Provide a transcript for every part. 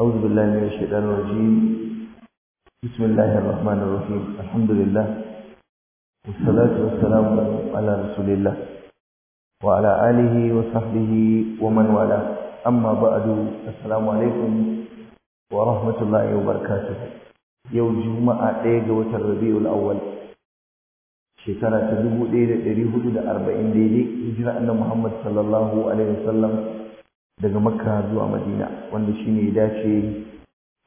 أعوذ بالله من الشيطان الرجيم بسم الله الرحمن الرحيم الحمد لله والصلاة والسلام على رسول الله وعلى آله وصحبه ومن والاه أما بعد السلام عليكم ورحمة الله وبركاته يوم جمعة ديجة وتربيع الأول shekara ta dubu ɗaya da ɗari hudu da arba'in daidai hijira annabi Muhammad sallallahu alaihi wasallam daga makka zuwa madina wanda shi ne dace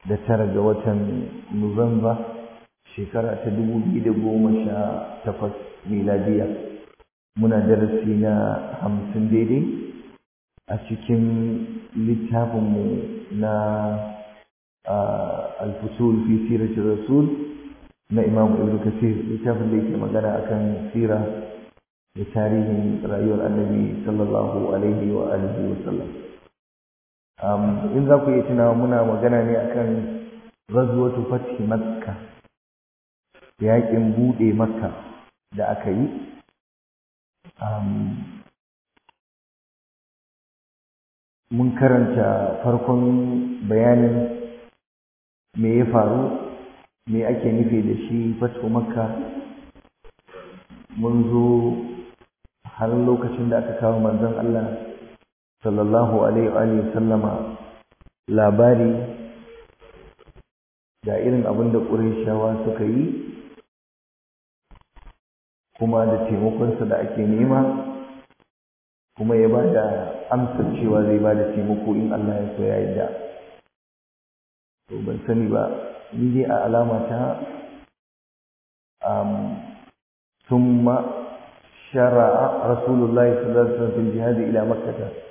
da tara ga watan nuwamba shekara ta dubu biyu da goma sha takwas miladiya muna darasi na hamsin daidai a cikin littafinmu na alfusul fi sirati rasul na imam ibn kasir littafin da yake magana akan sira da tarihin rayuwar annabi sallallahu alaihi wa alihi wa Um, in za ku iya tuna muna magana ne akan ghazwatu fathi makka yaƙin buɗe makka da aka yi um, mun karanta farkon bayanin me ya faru me ake nufi da shi fatko makka mun zo har lokacin da aka kawo manzon Allah sallallahu alaihi sallama labari da irin abin da ƙurishawa suka yi kuma da taimakonsa da ake nema kuma ya ba da amsar cewa zai ba da taimako in Allah ya so ya da to ban sani ba ni dai a alama ta ثم ma shara'a rasulullahi sallallahu alaihi عليه وسلم في ila makkah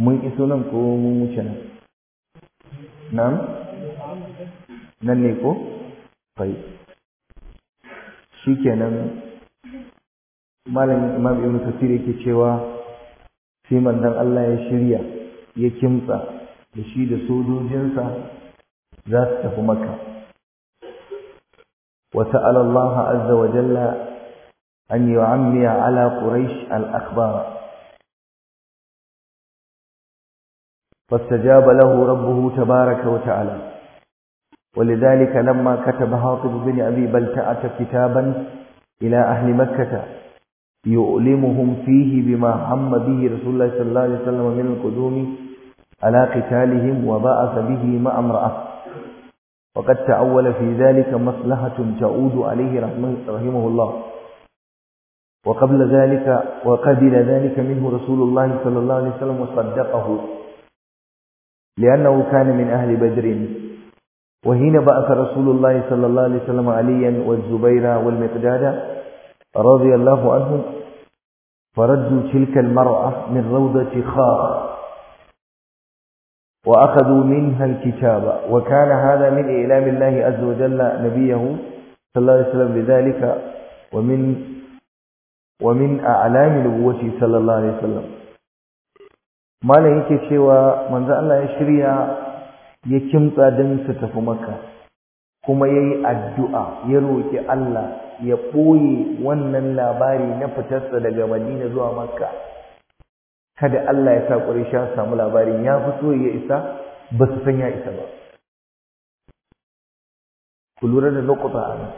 mun iso nan ko mun wuce nan nan nan ne ko fai shikenan malamin imam ibn kasir yake cewa sai manzon Allah ya shirya ya kimtsa da shi da sojojinsa za su tafi makka وسأل الله عز وجل أن ala على al الأخبار فاستجاب له ربه تبارك وتعالى ولذلك لما كتب هاطب بن أبي بلتعة كتابا إلى أهل مكة يؤلمهم فيه بما هم به رسول الله صلى الله عليه وسلم من القدوم على قتالهم وبعث به مع امرأة وقد تأول في ذلك مصلحة تعود عليه رحمه, رحمه الله وقبل ذلك وقبل ذلك منه رسول الله صلى الله عليه وسلم وصدقه لأنه كان من أهل بدر وحين بعث رسول الله صلى الله عليه وسلم عليا والزبير والمقداد رضي الله عنهم فردوا تلك المرأة من روضة خار وأخذوا منها الكتاب وكان هذا من إعلام الله عز وجل نبيه صلى الله عليه وسلم بذلك ومن ومن أعلام نبوته صلى الله عليه وسلم malam yake cewa manzo Allah ya shirya ya kimtsa don su tafi makka kuma yayi addu'a ya roki Allah ya ɓoye wannan labari na fitarsa daga madina zuwa makka kada Allah ya sa ya samu labarin ya fi so ya isa ba su san ya isa ba kulura da lokuta a nan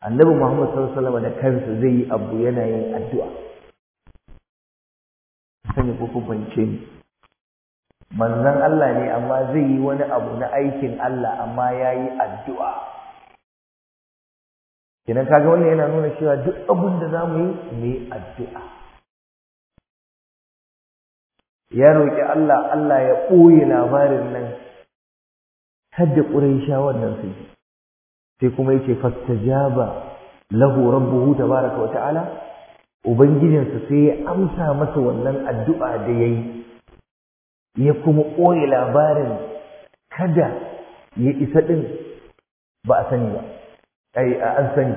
annabi muhammad sallallahu alaihi da kansa zai yi abu yana yin addu'a sani ko ku bance ni manzon Allah ne amma zai yi wani abu na aikin Allah amma yayi addu'a kina kaga wannan yana nuna cewa duk abin da zamu yi mu yi addu'a ya roki Allah Allah ya ɓoye labarin nan hadda quraisha wannan sai sai kuma yace fastajaba lahu rabbuhu tabaraka wa ta'ala ubangijinsa sai ya amsa masa wannan addu'a da ya yi ya kuma ɓoye labarin kada ya isa ɗin ba a sani ba ai an sani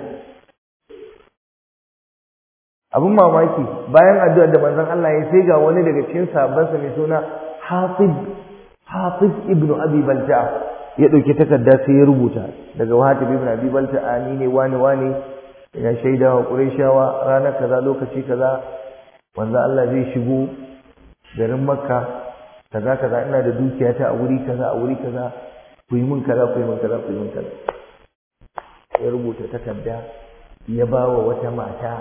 abin mamaki bayan addu'a da manzon Allah ya sai ga wani daga cikin sahabbansa mai suna Hafiz ibn Abi Balta ya ɗauki takarda sai ya rubuta daga wata ibn Abi ni ne wani wani ina shaida wa ƙurayshawa ranar kaza lokaci kaza manzo Allah zai shigo garin makka kaza kaza ina da dukiya ta a wuri kaza a wuri kaza ku yi min kaza ku yi min kaza ku yi min kaza ya rubuta takarda ya ba wa wata mata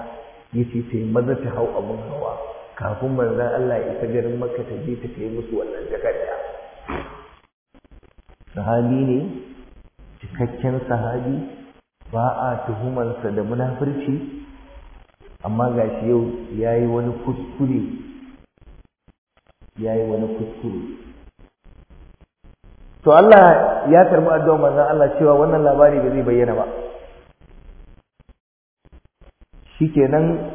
ya ce ta yi maza ta hau abin hawa kafin manzan Allah ya isa garin Makka ta je ta kai musu wannan takarda sahabi ne cikakken sahabi ba a tuhumarsa da munafurci amma ga shi yau ya yi wani kuskure ya yi wani kuskure to Allah ya karbi addu'a manzon Allah cewa wannan labari ba zai bayyana ba shikenan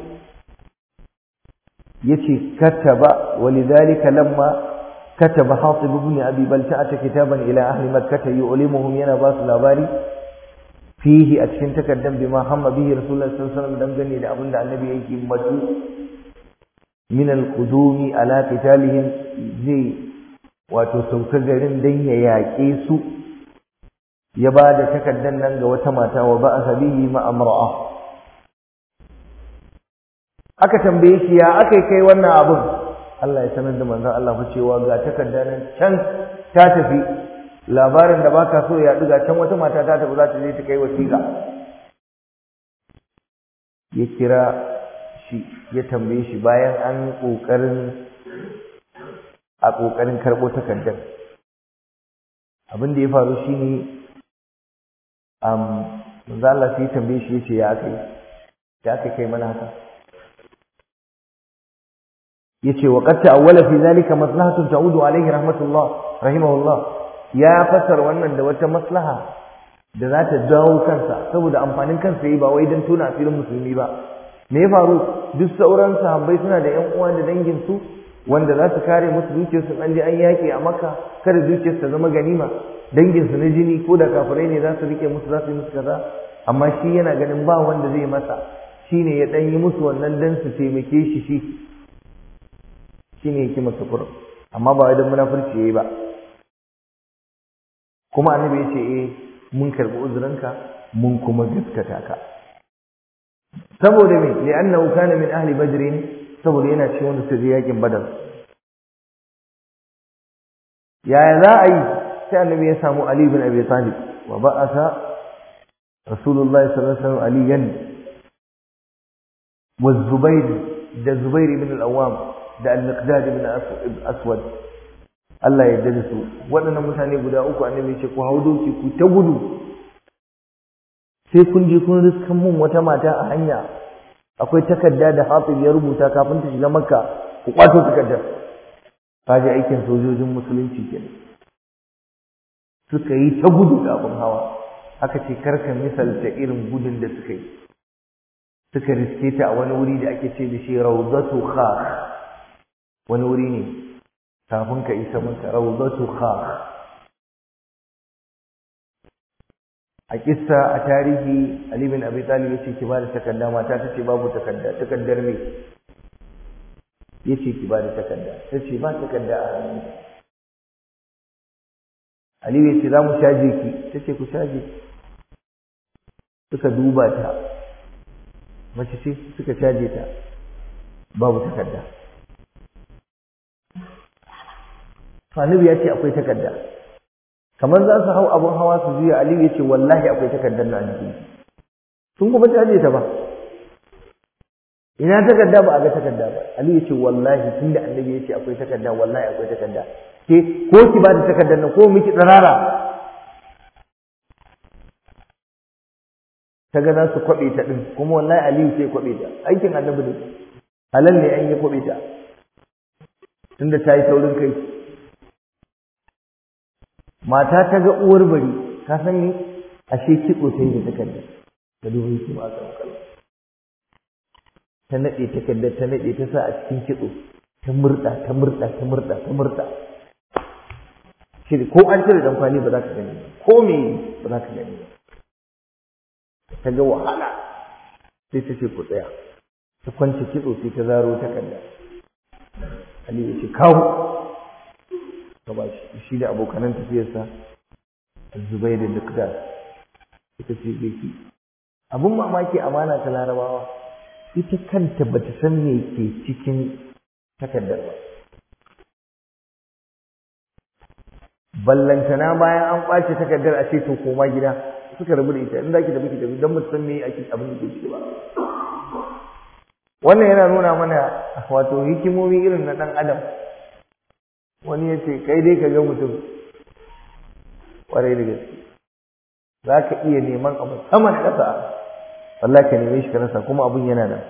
yace kataba walidhalika lamma كتب حاطب بن أبي ila كتابا إلى أهل yana yana basu labari? fihi a cikin takardar bima hamma bihi rasulullahi sallallahu alaihi wasallam dangane da abin da annabi yake madu min al-qudumi ala qitalihim zai wato sauka garin dan ya yaƙe su ya ba da takardar nan ga wata mata wa ba'a bihi ma amra'a aka tambaye shi ya akai kai wannan abin Allah ya sanar da manzon Allah cewa ga takardar nan can ta tafi labarin da baka so ya duga can wata mata ta tafi za ta je ta kai wasiƙa ya kira shi ya tambaye shi bayan an ƙoƙarin a ƙoƙarin karɓo takardar abin da ya faru shi ne, manzo Allah sai tambaye shi ya ce ya kai ya kai kai mana haka Ya ce wa qad ta'awwala fi zalika maslahatun ta'udu alayhi rahmatullah rahimahullah ya fasar wannan da wata maslaha da za ta dawo kansa saboda amfanin kansa yi ba wai don tuna filin musulmi ba me ya faru duk sauran sahabbai suna da yan uwa da dangin su wanda za su kare musu su an je an yaƙi a makka kada zuciyarsu ta zama ganima dangin su na jini ko da kafirai ne za su rike musu za su yi musu kaza amma shi yana ganin ba wanda zai masa shine ya dan yi musu wannan dan su taimake shi shi shine yake masa kurum amma ba wai don munafurci yayi ba kuma annabi yace eh mun karbi uzurinka mun kuma gaskata ka saboda me li'annahu kana min ahli badr saboda yana cikin wanda suka yakin badar ya za a yi sai annabi ya samu ali bin abi talib wa ba'atha rasulullah sallallahu alaihi wasallam aliyan wa zubair da zubair bin al-awwam da al-miqdad bin aswad Allah ya da su waɗannan mutane guda uku a ya ce ku hau doki ku ta gudu sai kun je kun riskan mun wata mata a hanya akwai takarda da Hafiz ya rubuta kafin ta shiga Makka ku kwato takardar je aikin sojojin musulunci kenan suka yi ta gudu da abin hawa aka ce karka misalta irin gudun da suka yi suka riske ta a wani wuri da ake ce da shi rawdatu khakh wani wuri ne kafin ka isa mata rawdatu khakh a kissa a tarihi Ali bin Abi Talib yace ki bada takarda mata tace babu takarda takardar me yace ki bada takarda tace ba takarda a hannu Ali ce za mu shaje ki tace ku shaje suka duba ta mace ce suka shaje ta babu takarda Sanib ya ce akwai takarda kamar za su hau abin hawa su juya Aliyu ya ce wallahi akwai takardar na jiki sun kuma ta ajiye ta ba ina takarda ba a ga takarda ba Aliyu ya ce wallahi tun da annabi ya ce akwai takarda wallahi akwai takarda ke ko ki ba da takardar nan ko miki tsarara ta ga za su kwaɓe ta ɗin kuma wallahi Aliyu sai kwaɓe ta aikin annabi ne halal ne an yi kwaɓe ta tunda ta yi saurin kai mata ta ga uwar bari ka san me ashe ki ta da takarda ta dubi su ma kan kallon ta naɗe takardar ta naɗe ta sa a cikin kido ta murɗa ta murɗa ta murɗa ta murɗa ko an cire dan kwani ba za ka gani ko me ba za ka gani ta ga wahala sai ta ce ku tsaya ta kwance kido sai ta zaro takarda Ali ya ce kawo ta shi da abokanan tafiyarsa zubai da duk ita ce beki abin mamaki amana ta larabawa ita kanta ba ta san me ke cikin takardar ba ballantana bayan an ƙwace takardar a ce to koma gida suka rabu da ita in ki tafi ki tafi don mu san me ake abin da ke ciki ba wannan yana nuna mana wato hikimomi irin na ɗan adam wani ya ce kai dai ka ga mutum kwarai da gaske za ka iya neman abu sama da ƙasa wallah ka neme shi ka rasa kuma abun yana nan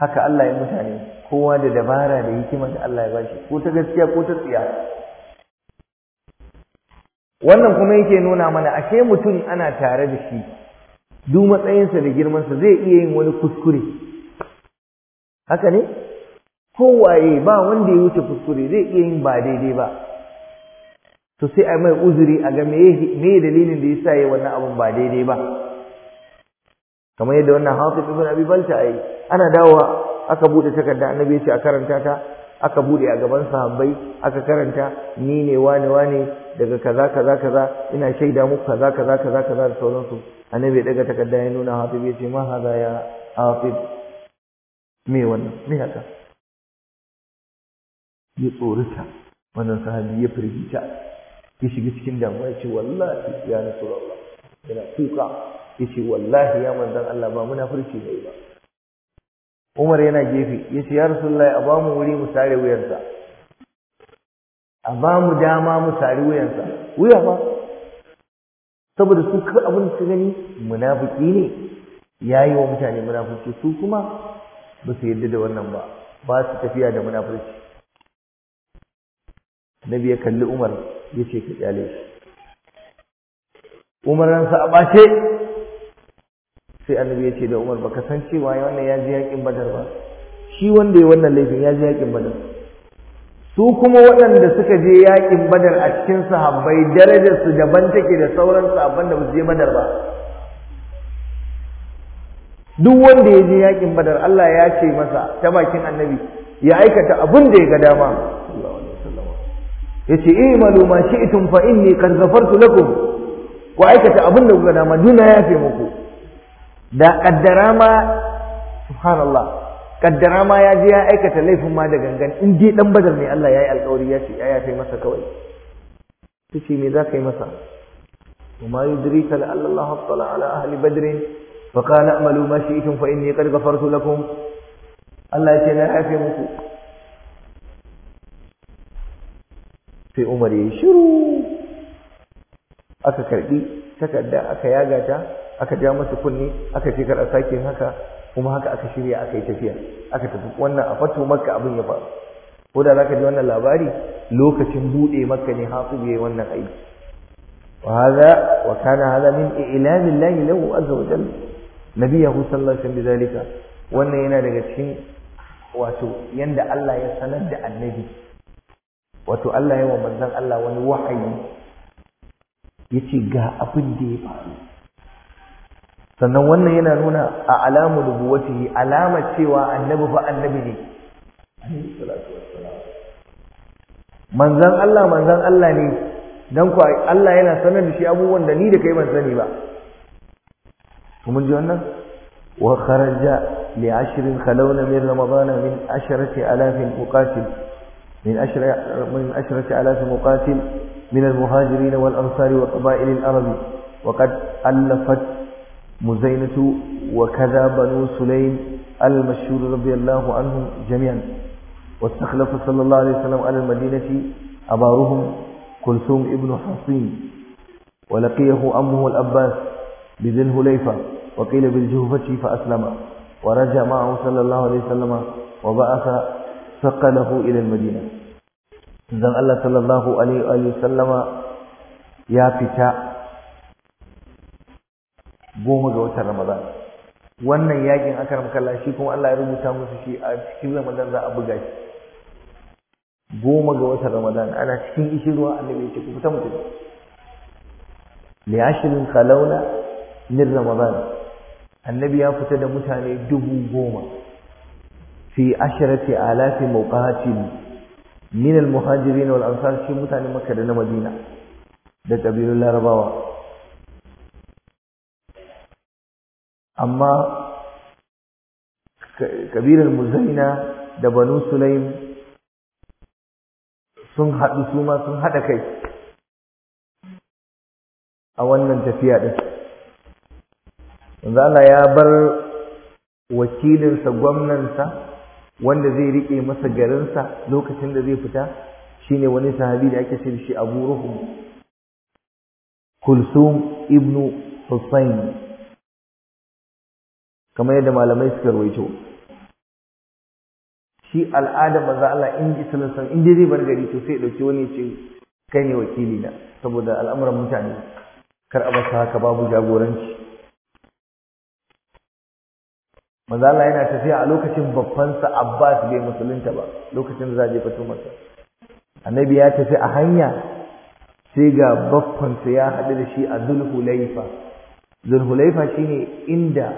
haka Allah ya mutane kowa da dabara da hikima da Allah ya bashi ko ta gaskiya ko ta tsiya wannan kuma yake nuna mana ashe mutum ana tare da shi duk matsayinsa da girmansa zai iya yin wani kuskure haka ne kowaye ba wanda ya wuce kuskure zai iya yin ba daidai ba to sai a mai uzuri a ga me dalilin da ya sa yi wannan abin ba daidai ba kamar yadda wannan Hafiz ibn Abi Balta ai ana dawowa aka bude takarda annabi ya ce a karanta ta aka bude a gaban sahabbai aka karanta ni ne wane wane daga kaza kaza kaza ina shaida muku kaza kaza kaza kaza da sauransu annabi ya daga takarda ya nuna hafi ya ce ma haza ya hafi. me wannan me haka ya tsorita wannan sahabi ya firgita ya shiga cikin damuwa ya ce wallahi ya Allah yana kuka ya ce wallahi ya manzan Allah ba munafurci ne ba Umar yana gefe ya ce ya rasulullah a ba mu wuri mu sare wuyansa a ba mu dama mu sare wuyansa wuya ba saboda su kar abin su gani munafiki ne yayi wa mutane munafurci su kuma ba su yarda da wannan ba ba su tafiya da munafurci nabi ya kalli umar ya ce ka kyale shi umar ransa a ɓace sai annabi ya ce da umar baka san cewa ya wannan ya ji yaƙin badar ba shi wanda ya wannan laifin ya ji yaƙin badar su kuma waɗanda suka je yaƙin badar a cikin sahabbai darajar su daban take da sauran sahabban da ba su je badar ba duk wanda ya je yaƙin badar Allah ya ce masa ta bakin annabi ya aikata abin da ya ga dama yace i'malu eh, ma shi'tum fa inni qad ghafartu lakum ku aikata abin da kuka dama duna yafe muku da kaddara ma subhanallah kaddara ma ya je ya aikata laifin ma da gangan in dai dan badar mai Allah yayi alƙawari ya ce ya yafe masa kawai tace me za ka yi masa Allah وما يدريك لعل الله اطلع على اهل بدر فقال اعملوا ما شئتم فاني قد Allah ya ce يتنا يعفي muku sai Umar ya shiru aka karbi takarda aka yaga ta aka ja masa kunne aka ce kada sake haka kuma haka aka shirya aka yi tafiya aka tafi wannan a fatu makka abin ya faru ko da zaka ji wannan labari lokacin bude makka ne hafiz yayi wannan aiki wa hadha wa kana hadha min llahi lahu azza wa jalla nabiyahu sallallahu alaihi wasallam bidalika wannan yana daga cikin wato yanda Allah ya sanar da annabi wato Allah ya wa manzon Allah wani wahayi yace ga abin da ya faru sannan wannan yana nuna a alamu nubuwatihi alama cewa annabi fa annabi ne manzon Allah manzon Allah ne don ku Allah yana sanar da shi abubuwan da ni da kai ban sani ba to mun ji wannan wa kharaja li ashrin khalawna min ramadana min asharati alafin uqatil من أشرة من عشرة آلاف مقاتل من المهاجرين والأنصار وقبائل العرب وقد ألفت مزينة وكذا بنو سليم المشهور رضي الله عنهم جميعا واستخلف صلى الله عليه وسلم على المدينة أبارهم كلثوم ابن حصين ولقيه أمه الأباس بذن هليفة وقيل بالجهفة فأسلم ورجع معه صلى الله عليه وسلم وبعث saqalahu ila al-madina dan Allah sallallahu alaihi wa sallama ya fita goma ga watan Ramadan wannan yakin aka ramkalla shi kuma Allah ya rubuta musu shi a cikin Ramadan za a buga shi goma ga watan Ramadan ana cikin ishirwa annabi ya ce ku fita mutum li ashrin khalawna min Ramadan annabi ya fita da mutane dubu goma fi asharati alafi muqatin min al-muhajirin wal ansar shi mutanen makka da na madina da kabilun larabawa amma kabilar muzaina da banu sulaim sun haɗu su ma sun haɗa kai a wannan tafiya ɗin yanzu Allah ya bar wakilinsa gwamnansa wanda zai riƙe masa garinsa lokacin da zai fita shine wani sahabi da ake ce shi Abu Ruhum Kulsum ibn Husayn kamar yadda malamai suka rawaito shi al'ada maza Allah in ji sallallahu in dai zai bar gari to sai dauki wani ce kai ne wakili na saboda al'amuran mutane kar a basa haka babu jagoranci manzo Allah yana tafiya a lokacin sa Abbas bai musulunta ba lokacin da zai je fito masa annabi ya tafi a hanya sai ga sa ya hadu da shi a Zulhulaifa Zulhulaifa shine inda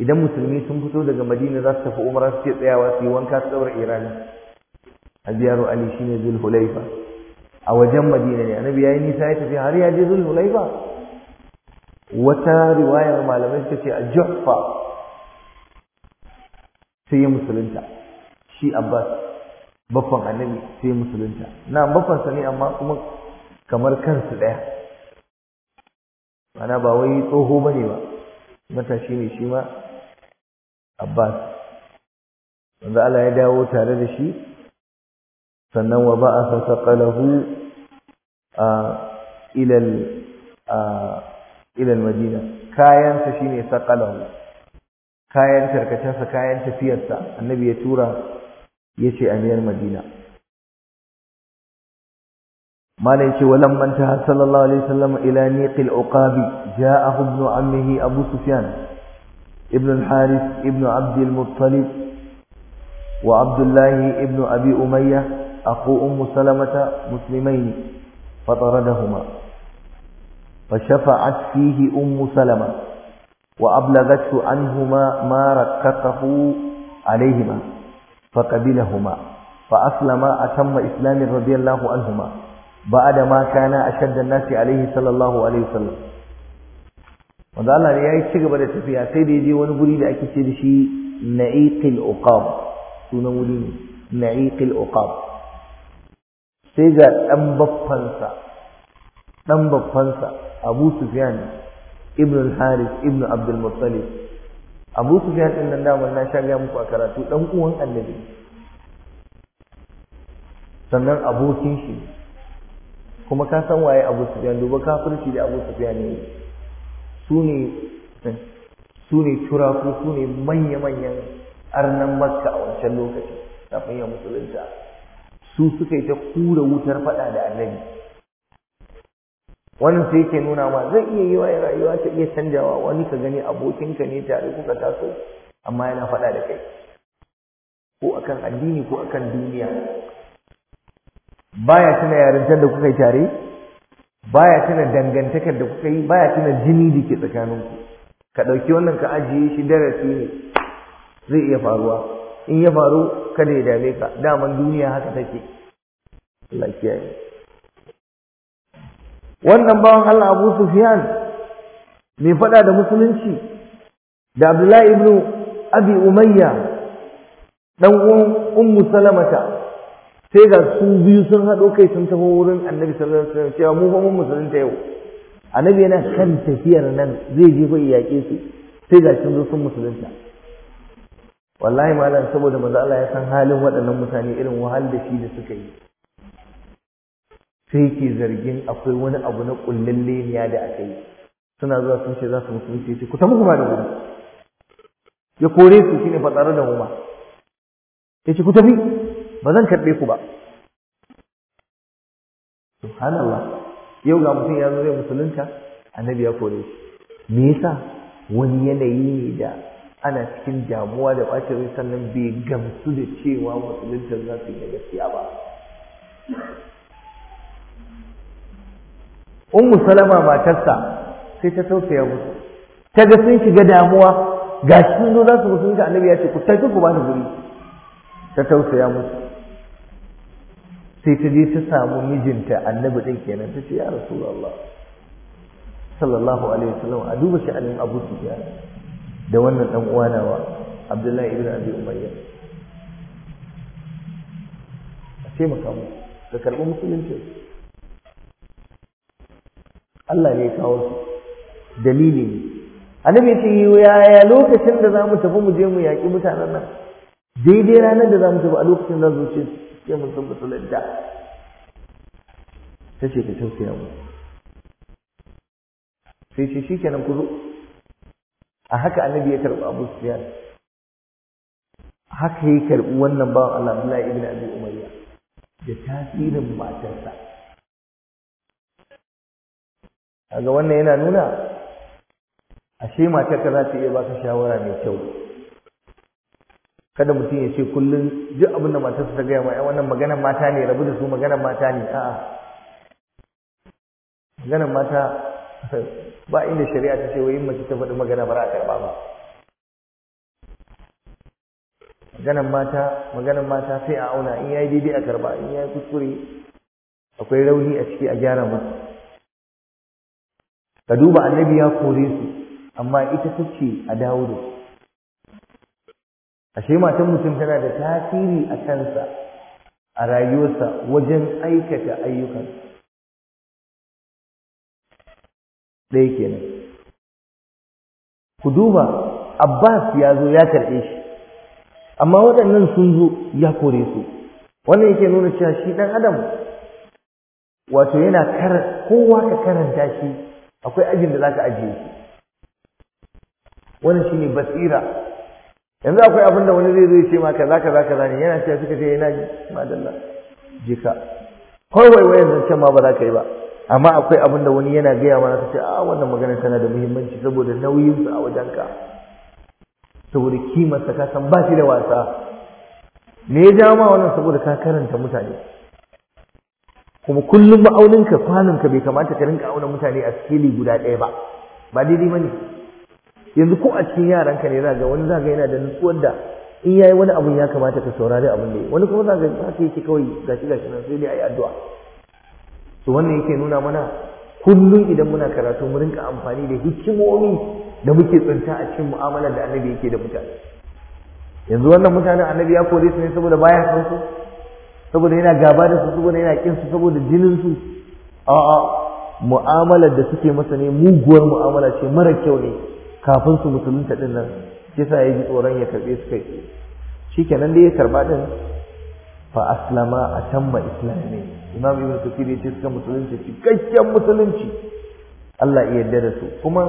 idan musulmi sun fito daga Madina za su tafi umrah su ce tsayawa su yi wanka su daura Iran Aziyaru Ali shine Zulhulaifa a wajen Madina ne annabi yayi nisa ya tafi har ya je Zulhulaifa wata riwayar malamai suka ce a Juhfa sai ya musulunta shi abbas baffan annabi sai ya musulunta na baffansa ne amma kuma kamar kansu ɗaya mana ba wai tsoho ba ne ba matashi ne shi ma abbas wanda Allah ya dawo tare da shi sannan wa ba a sasaƙalahu a ilal madina kayansa shi ne saƙalahu kayan karkacensa kayan tafiyarsa annabi ya tura ya ce a miyar madina malai ce walan manta sallallahu alaihi sallam ila niqil uqabi ja'ahu ibn ammihi abu sufyan ibn al-harith ibn abd muttalib wa abdullahi ibn abi umayya akhu umm salamata muslimain fataradahuma فشفعت فيه أم سلمة وأبلغته عنهما ما ركته عليهما فقبلهما فأسلم أتم إسلام رضي الله عنهما بعد ما كان أشد الناس عليه صلى الله عليه وسلم wanda Allah ne ya yi ci gaba da tafiya sai da ya je wani guri da ake ce da shi na'iqil uqab sunan wuri ne na'iqil uqab sai ga dan baffansa dan baffansa Abu Sufyan ibn al-haris ibn abdul muttalib abu sufyan din nan daman na sha ga muku a karatu dan uwan annabi sannan abokin shi kuma ka san waye abu sufyan duba kafirci da abu sufyan ne su ne eh, su ne turaku su ne manya-manyan arnan makka a wancan lokaci kafin ya musulunta su suka yi ta kura wutar fada da annabi wannan sai yake nuna ma zai iya yi wa rayuwa ta iya canjawa wani ka gani abokinka ne tare kuka taso amma yana faɗa da kai ko akan addini ko akan duniya baya tuna yarintar da kuka yi tare baya tuna dangantakar da kuka yi baya tuna jini da ke tsakaninku ka ɗauki wannan ka ajiye shi darasi ne zai iya faruwa in ya faru kada ya dame ka daman duniya haka take lafiya wannan bawan Allah Abu Sufyan mai fada da musulunci da Abdullahi ibn Abi Umayya dan uwan Ummu Salamata sai ga su biyu sun haɗo kai sun tafi wurin Annabi sallallahu alaihi wasallam cewa mu fa mun musulunta yau Annabi yana kan tafiyar nan zai je fa yaƙe su sai ga sun zo sun musulunta wallahi malam saboda manzo Allah ya san halin waɗannan mutane irin wahal da shi da suka yi sai ke zargin akwai wani abu na kullalle ne da aka yi suna zuwa sun ce za su mutu sai ce ku muku ba da wuri ya kore su shine fa tsare da mu Ya yace ku tafi ba zan karbe ku ba subhanallah yau ga mutum ya zo zai musulunta annabi ya kore shi me yasa wani yanayi ne da ana cikin damuwa da ɓacin rai sannan bai gamsu da cewa musulunta za su yi gaskiya ba ummu salama matarsa sai ta tausaya musu ta ga sun shiga damuwa ga shi sun zo za su musulunci annabi ya ce ku tafi ku bani guri ta tausaya musu sai ta je ta samu mijinta annabi din kenan ta ce ya rasulullah sallallahu alaihi wasallam a duba sha'anin abu sufyan da wannan dan uwa nawa abdullahi ibn abi umayya a taimaka mu ka karɓi musulunci Allah ne ya kawo su dalili ne annabi ya ce yaya lokacin da za mu tafi mu je mu yaƙi mutanen nan daidai ranar da za mu tafi a lokacin da zuci ce mun san musulunta ta ce ka tausaya mu sai ce shi kenan ku zo a haka annabi ya karɓi abu Sufyan, haka ya karɓi wannan bawan Allah Abdullahi ibn Abi Umayya da tasirin matarsa kaga wannan yana nuna ashe matar ka za ta iya baka shawara mai kyau kada mutum ya ce kullum duk abin da matarsa ta gaya mai wannan maganar mata ne rabu da su maganar mata ne a'a maganar mata ba inda shari'a ta ce wai mace ta faɗi magana ba za a karɓa ba maganar mata maganar mata sai a auna in yayi daidai a karɓa in yayi kuskure akwai rauni a ciki a gyara masa ka duba annabi ya kore su amma ita tace a dawo da su ashe matan mutum tana da tasiri a kansa a rayuwarsa wajen aikata ayyukan ɗaya kenan ku duba abbas ya zo ya karɓe shi amma waɗannan sun zo ya kore su wannan yake nuna cewa shi ɗan adam wato yana kowa ka karanta shi akwai ajin da za ka ajiye shi wannan shine basira yanzu akwai abin da wani zai zo ya ce ma kaza kaza kaza ne yana cewa suka ce yana eh, ji madalla je ka kawai waiwayen zancen ma ba za ka yi ba amma akwai abin da wani yana gaya ma ka ce a ah, wannan magana tana da muhimmanci saboda nauyin sa a ka saboda sa ka san ba shi da wasa me ya ja ma wannan saboda ka karanta mutane kuma kullum ma'auninka ka bai kamata ka rinka auna mutane a sikeli guda ɗaya ba ba daidai ba ne yanzu ko a cikin yaranka ne zaga wani zaga yana da nutsuwar da in yayi wani abun ya kamata ka saurari abin da wani kuma zaga haka yake kawai gashi gashi nan sai dai ayi addu'a to wannan yake nuna mana kullum idan muna karatu mu rinka amfani da hikimomi da muke tsinta a cikin mu'amalar da annabi yake da mutane yanzu wannan mutanen annabi ya kore su ne saboda baya san su saboda yana gaba da su saboda yana kin su saboda jinin su a'a mu'amalar da suke masa ne muguwar mu'amala ce mara kyau ne kafin su musulunta din nan sai ya ji tsoron ya karbe su kai shikenan dai ya karba din fa aslama tamma islami imam ibn kathir ya ce suka musulunci cikakken musulunci Allah ya yarda da su kuma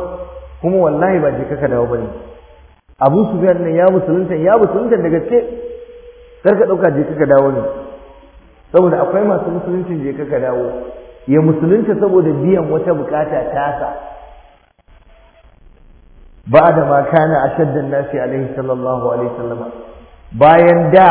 kuma wallahi ba je kaka dawo bane Abu Sufyan ne ya musulunta ya musulunta da gaske kar ka dauka je kaka dawo ne saboda akwai masu musuluncin je ka dawo ya musulunci saboda biyan wata bukata tasa ba da ma kana shaddan nasi alaihi sallallahu alaihi wasallam bayan da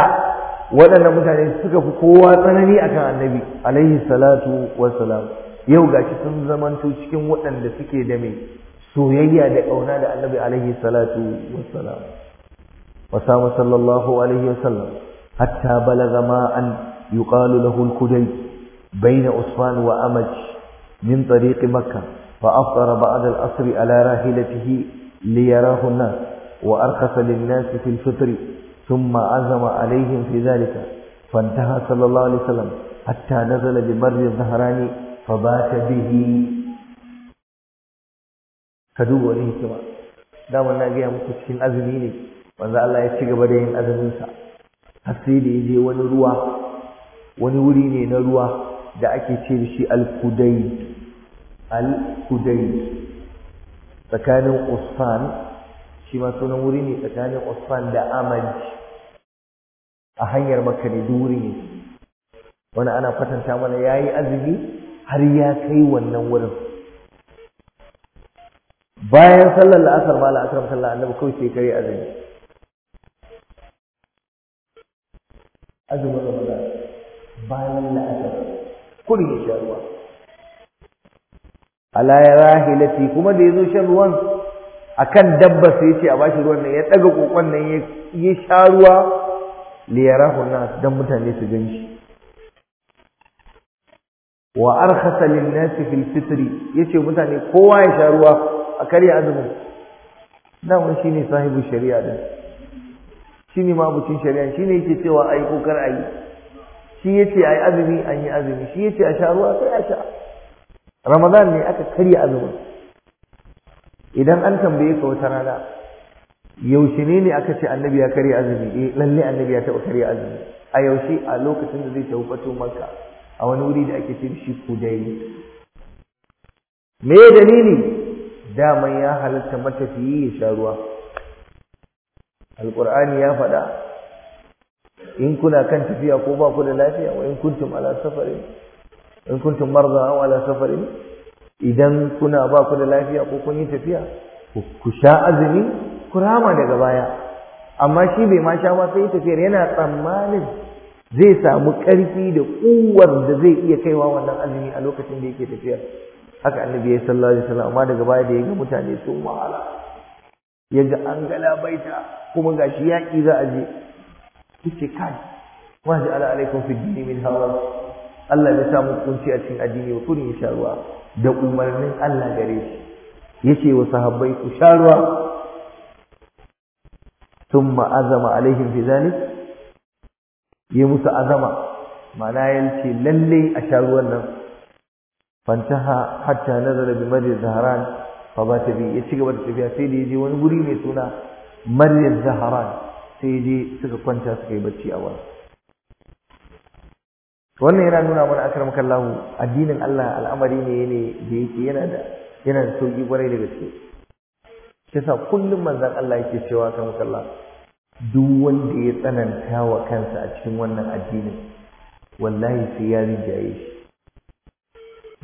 waɗannan mutane suka fi kowa tsanani akan annabi alaihi salatu wassalam yau gashi sun zamanto cikin waɗanda suke da mai soyayya da ƙauna da annabi alaihi salatu wassalam wa sallallahu alaihi wasallam hatta balaga ma an يقال له الكدي بين عثمان وأمج من طريق مكة فأفطر بعد الأسر على راحلته ليراه الناس وأرخص للناس في الفطر ثم عزم عليهم في ذلك فانتهى صلى الله عليه وسلم حتى نزل بمر الظهران فبات به كدوب عليه كما دام الناقية يا مكتشين أزميني wanda الله ya ci gaba da yin azuminsa wani wuri ne na ruwa da ake ce da shi al-kudai al-kudai tsakanin usfan shi ma sunan wuri ne tsakanin usfan da amaj a hanyar maka ne duk wuri ne wani ana kwatanta mana ya yi azumi har ya kai wannan wurin bayan sallar la'asar ma la'asar sallar annabi kawai sai kai azumi azumin ramadan bayan la'asar kuri da sha ruwa ala ya lati kuma da yazo shan ruwan akan dabba sai yace a bashi ruwan nan ya daga kokon nan ya sha ruwa li yarahu nas dan mutane su gan shi wa arkhasa lin nas fil fitri yace mutane kowa ya sha ruwa a karya azumin dan shine sahibu shari'a din shine mabucin shari'a shine yake cewa ai kokar ai shi yace ai azumi an yi azumi shi yace a sha ruwa sai a sha ramadan ne aka karya azumin idan an tambaye ka wata rana yaushe ne ne aka ce annabi ya karya azumi eh lalle annabi ya taɓa karya azumi a yaushe a lokacin da zai tafi fato maka a wani wuri da ake ce shi kudai me dalili daman ya halatta matafiyi ya sha ruwa alqur'ani ya faɗa in kuna kan tafiya ko ba ku da lafiya wa in kuntum ala safarin in kuntum marza aw ala safarin idan kuna ba ku da lafiya ko kun yi tafiya ku sha azumi ku rama daga baya amma shi bai ma sha ba sai tafiyar yana tsammanin zai samu ƙarfi da kuwar da zai iya kaiwa wannan azumi a lokacin da yake tafiya. haka annabi ya sallallahu alaihi wasallam amma daga baya da ya ga mutane sun wahala ya ga an galabaita kuma gashi yaƙi za a je yace kai wa ja'ala alaikum fi dini min hawa Allah ya samu kunci a cikin addini wa kurin sha ruwa da umarnin Allah gare shi yace wa sahabbai ku sha ruwa thumma azama alaihim fi zalik ya musu azama mana yace lalle a sha nan fantaha hatta na bi madrid zahran fa ba ta bi ya ci gaba da tafiya sai da ya wani guri mai suna madrid zahran sai dai suka kwanta suka yi bacci a wurin wannan yana nuna mana akram kallahu addinin Allah al'amari ne ne da yake yana da yana da sauki kwarai da gaske yasa kullum manzan Allah yake cewa akram kallahu duk wanda ya tsananta wa kansa a cikin wannan addinin wallahi sai ya rijaye shi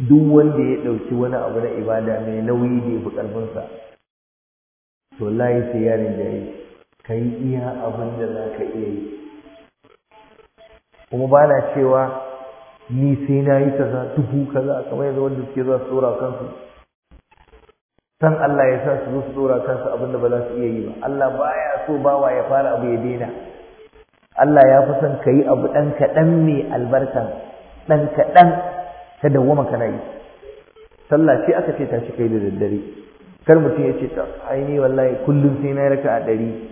duk wanda ya ɗauki wani abu na ibada mai nauyi da ya fi ƙarfinsa to wallahi sai ya rinjaye shi ka yi iya abin da za ka iya yi kuma ba na cewa ni sai na yi kaza dubu kaza kamar yanzu wanda suke za su tsora kansu san Allah ya sa su zo su tsora kansu abin da ba za su iya yi ba Allah baya so bawa ya fara abu ya daina Allah ya fi son ka yi abu ɗan kaɗan mai albarka ɗan kaɗan ka dawwama kana yi sallah ce aka ce tashi kai da daddare kar mutum ya ce ta aini wallahi kullum sai na yi raka a ɗari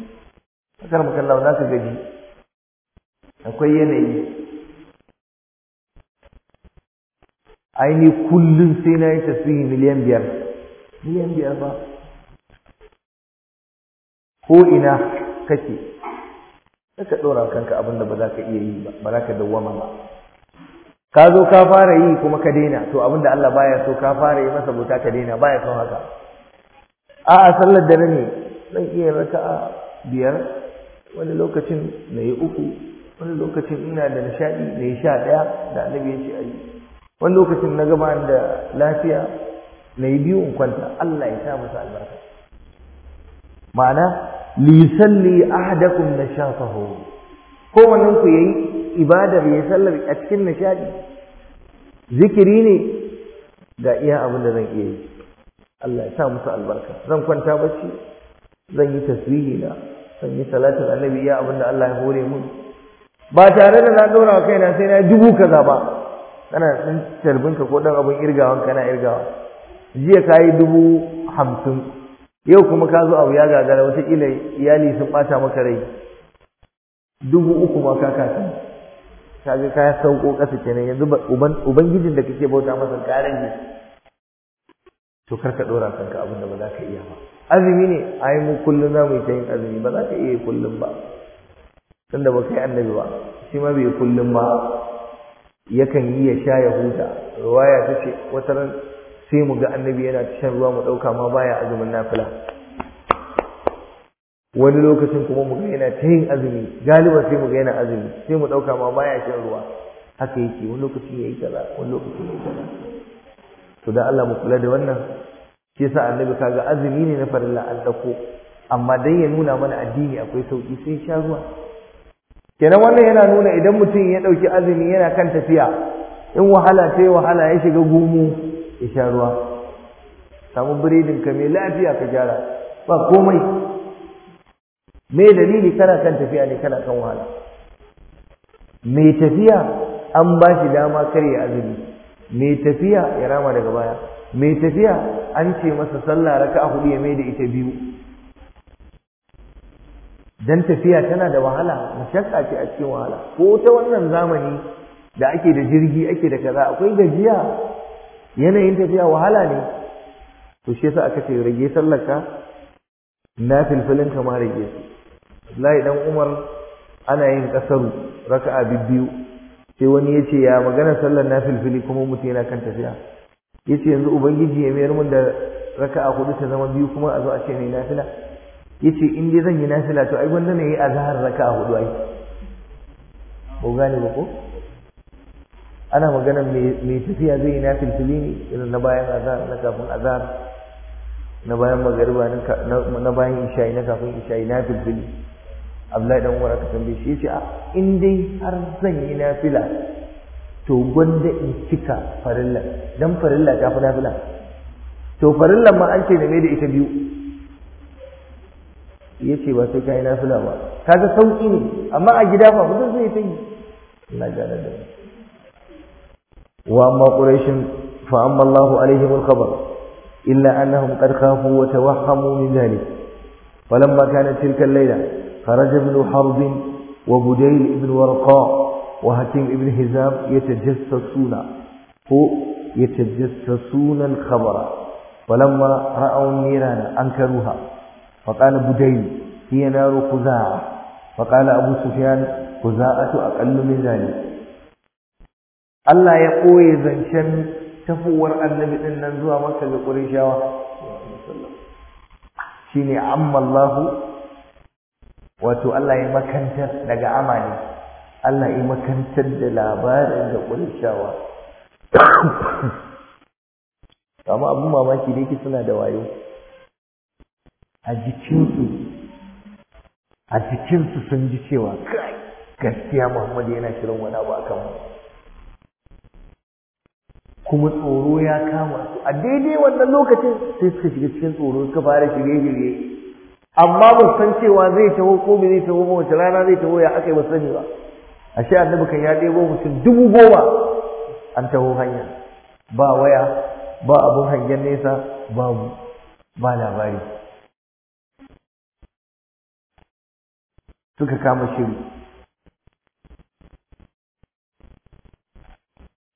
akar makallawa za ka gaji akwai yanayi aini kullum sai na yi tafiye miliyan biyar miliyan biyar ba ko ina kake ka ɗora kanka abin da ba za ka iya yi ba ba za ka dawwama ba ka zo ka fara yi kuma ka daina to abin da Allah baya so ka fara yi masa bauta ka daina baya son haka a'a sallar da ne zan iya raka biyar wani lokacin na yi uku wani lokacin ina da nishaɗi na yi sha ɗaya da annabi ya ce a yi wani lokacin na gaba da lafiya na yi biyu in kwanta Allah ya sa masa albarka ma'ana lisalli ahadakum nashatahu ko wannan ku yayi ibadar ya sallar a cikin nishadi zikiri ne ga iya abin da zan iya yi Allah ya sa musu albarka zan kwanta bacci zan yi tasbihi na san yi salatin annabi ya abinda Allah ya hore mun ba tare da na ɗora wa kaina sai na dubu kaza ba kana ɗan tarbinka ko ɗan abin irgawan kana irgawa jiya ka yi dubu hamsin yau kuma ka zo abu ya gagara wataƙila iyali sun ɓata maka rai dubu uku ma ka kasa ka ga ka sauko ƙasa kenan yanzu ubangijin da kake bauta masa ƙarin ne to kar ka dora kanka abin da ba za ka iya ba azumi ne ai mu kullum za mu yi ta yin azumi ba za ka iya kullum ba da ba kai annabi ba shi ma bai kullum ba yakan yi ya sha ya huta ruwaya ta ce wata ran sai mu ga annabi yana shan ruwa mu ɗauka ma baya azumin nafila wani lokacin kuma mu ga yana ta yin azumi galiba sai mu ga yana azumi sai mu ɗauka ma baya shan ruwa haka yake wani lokacin ya yi kaza wani lokacin ya yi kaza to da Allah mu kula da wannan shi yasa annabi kaga azumi ne na farilla an dauko amma dai ya nuna mana addini akwai sauki sai sha ruwa kenan wannan yana nuna idan mutum ya dauki azumi yana kan tafiya in wahala sai wahala ya shiga gumu ya sha ruwa samu biredin ka mai lafiya ka gyara ba komai me dalili kana kan tafiya ne kana kan wahala mai tafiya an ba shi dama kare azumi mai tafiya ya rama daga baya mai tafiya an ce masa sallah raka'a hudu ya mai da ita biyu dan tafiya tana da wahala mashakka ce a cikin wahala ko ta wannan zamani da ake da jirgi ake da kaza akwai gajiya yanayin tafiya wahala ne to shi yasa aka ce rage ka na filfilin kama rage su Abdullahi dan Umar ana yin kasaru raka'a biyu sai wani ya ce ya magana sallar na filfili kuma mutu yana kan tafiya ya ce yanzu ubangiji ya mayar mun da raka a hudu ta zama biyu kuma a zo a ce mai nafila ya ce in dai zan yi nafila to ai wanda na yi azahar raka a hudu ai ba gane ba ko ana magana mai tafiya zai yi nafilfili ne irin na bayan azahar na kafin azahar na bayan magariba na bayan isha'i na kafin isha'i nafilfili Abdullahi dan Umar aka tambaye shi yace a in dai har zan yi nafila to gwanda in cika farilla dan farilla ta fi nafila to farilla ma an ce na mai da ita biyu yace ba sai kai nafila ba kaga sauki ne amma a gida ba kudin zai ta yi ina gane da wa amma quraishin fa amma Allahu alaihim al-khabar illa annahum qad khafu wa tawahhamu min dhalik فلما كانت تلك الليله فرج بن حرب وبديل بن ورقاء وهتيم بن هزام يتجسسون هو يتجسسون الخبر ولما رأوا النيران أنكروها فقال بديل هي نار خزاعة فقال أبو سفيان خزاعة أقل من ذلك الله يقوي زنشن تفور النبي أن ننزوها مكة بقريشاوة شيني عم الله wato Allah ya makantar daga amali Allah ya makantar da labarin da kulshawa amma abin mamaki da yake suna da wayo a jikinsu a jikinsu sun ji cewa kai gaskiya Muhammad yana shirin wani abu akan mu kuma tsoro ya kama su a daidai wannan lokacin sai suka shiga cikin tsoro suka fara shirye-shirye amma ba san cewa zai taho ko bai zai taho ba wace rana zai taho ya aka yi ba sani ba a shi annabi kan ya ɗebo mutum dubu goma an taho hanya ba waya ba abun hangen nesa babu ba labari suka kama shiri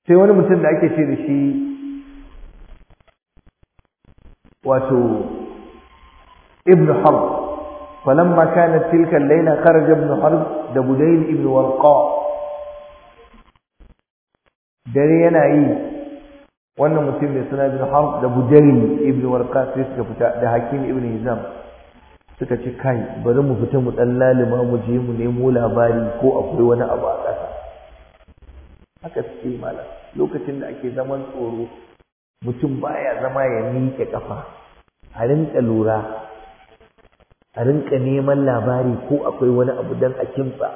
sai wani mutum da ake ce da shi wato ابن حرب فلما كانت تلك الليلة خرج ابن حرب دبديل ابن ورقاء dare yana yi wannan mutum mai suna bin ابن da budari ibn warqa sai suka fita da hakim ibn suka ce kai bari mu fita mu dan lalima mu je mu nemo labari ko akwai wani abu a ƙasa haka suke malam lokacin da ake zaman tsoro mutum baya zama ya miƙe ƙafa, a rinƙa lura a rinka neman labari ko akwai wani abu don a kimfa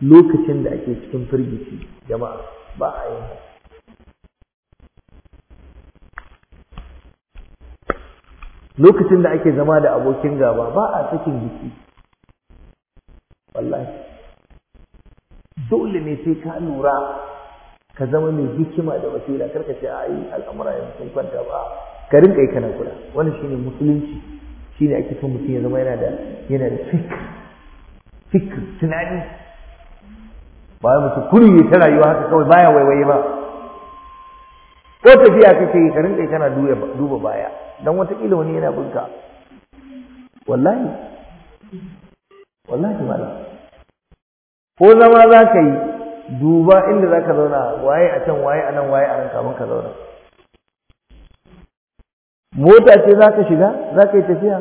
lokacin da ake cikin firgici jama'a ba a yi lokacin da ake zama da abokin gaba ba a cikin jiki wallahi dole ne sai ka lura ka zama mai hikima da wasila karka ce a yi al'amura yanzu sun kwanta ba ka rinka yi kana kula Wani shine musulunci shi ne ake son mutum ya zama yana da yana da fikir fikir tunani ba wai mutum kuri ne ta rayuwa haka kawai baya waiwaye ba ko tafiya kake yi karin kai kana duba baya dan watakila wani yana bunka wallahi wallahi malam ko zama za ka yi duba inda za ka zauna waye a can waye a nan waye a nan kamun ka zauna mota ce za ka shiga za ka yi tafiya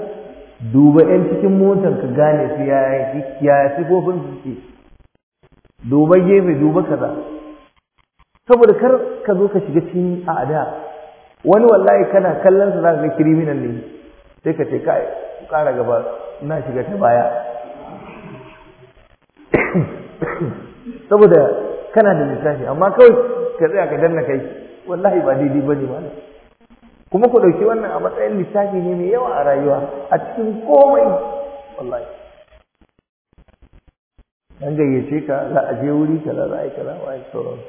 duba 'yan cikin motar ka gane su yaya sifofin su ce duba gefe duba kaza saboda kar ka zo ka shiga cikin ada, wani wallahi kana kallon sa za ka ga kiriminal ne sai ka ce kai kara gaba na shiga ta baya saboda kana da misali amma kawai ka tsaya ka danna kai wallahi ba daidai bane ba kuma ku ɗauki wannan a matsayin lissafi ne mai yawa a rayuwa a cikin komai wallahi an gayyace ka za a je wuri kaza za a yi kaza wa yi sauran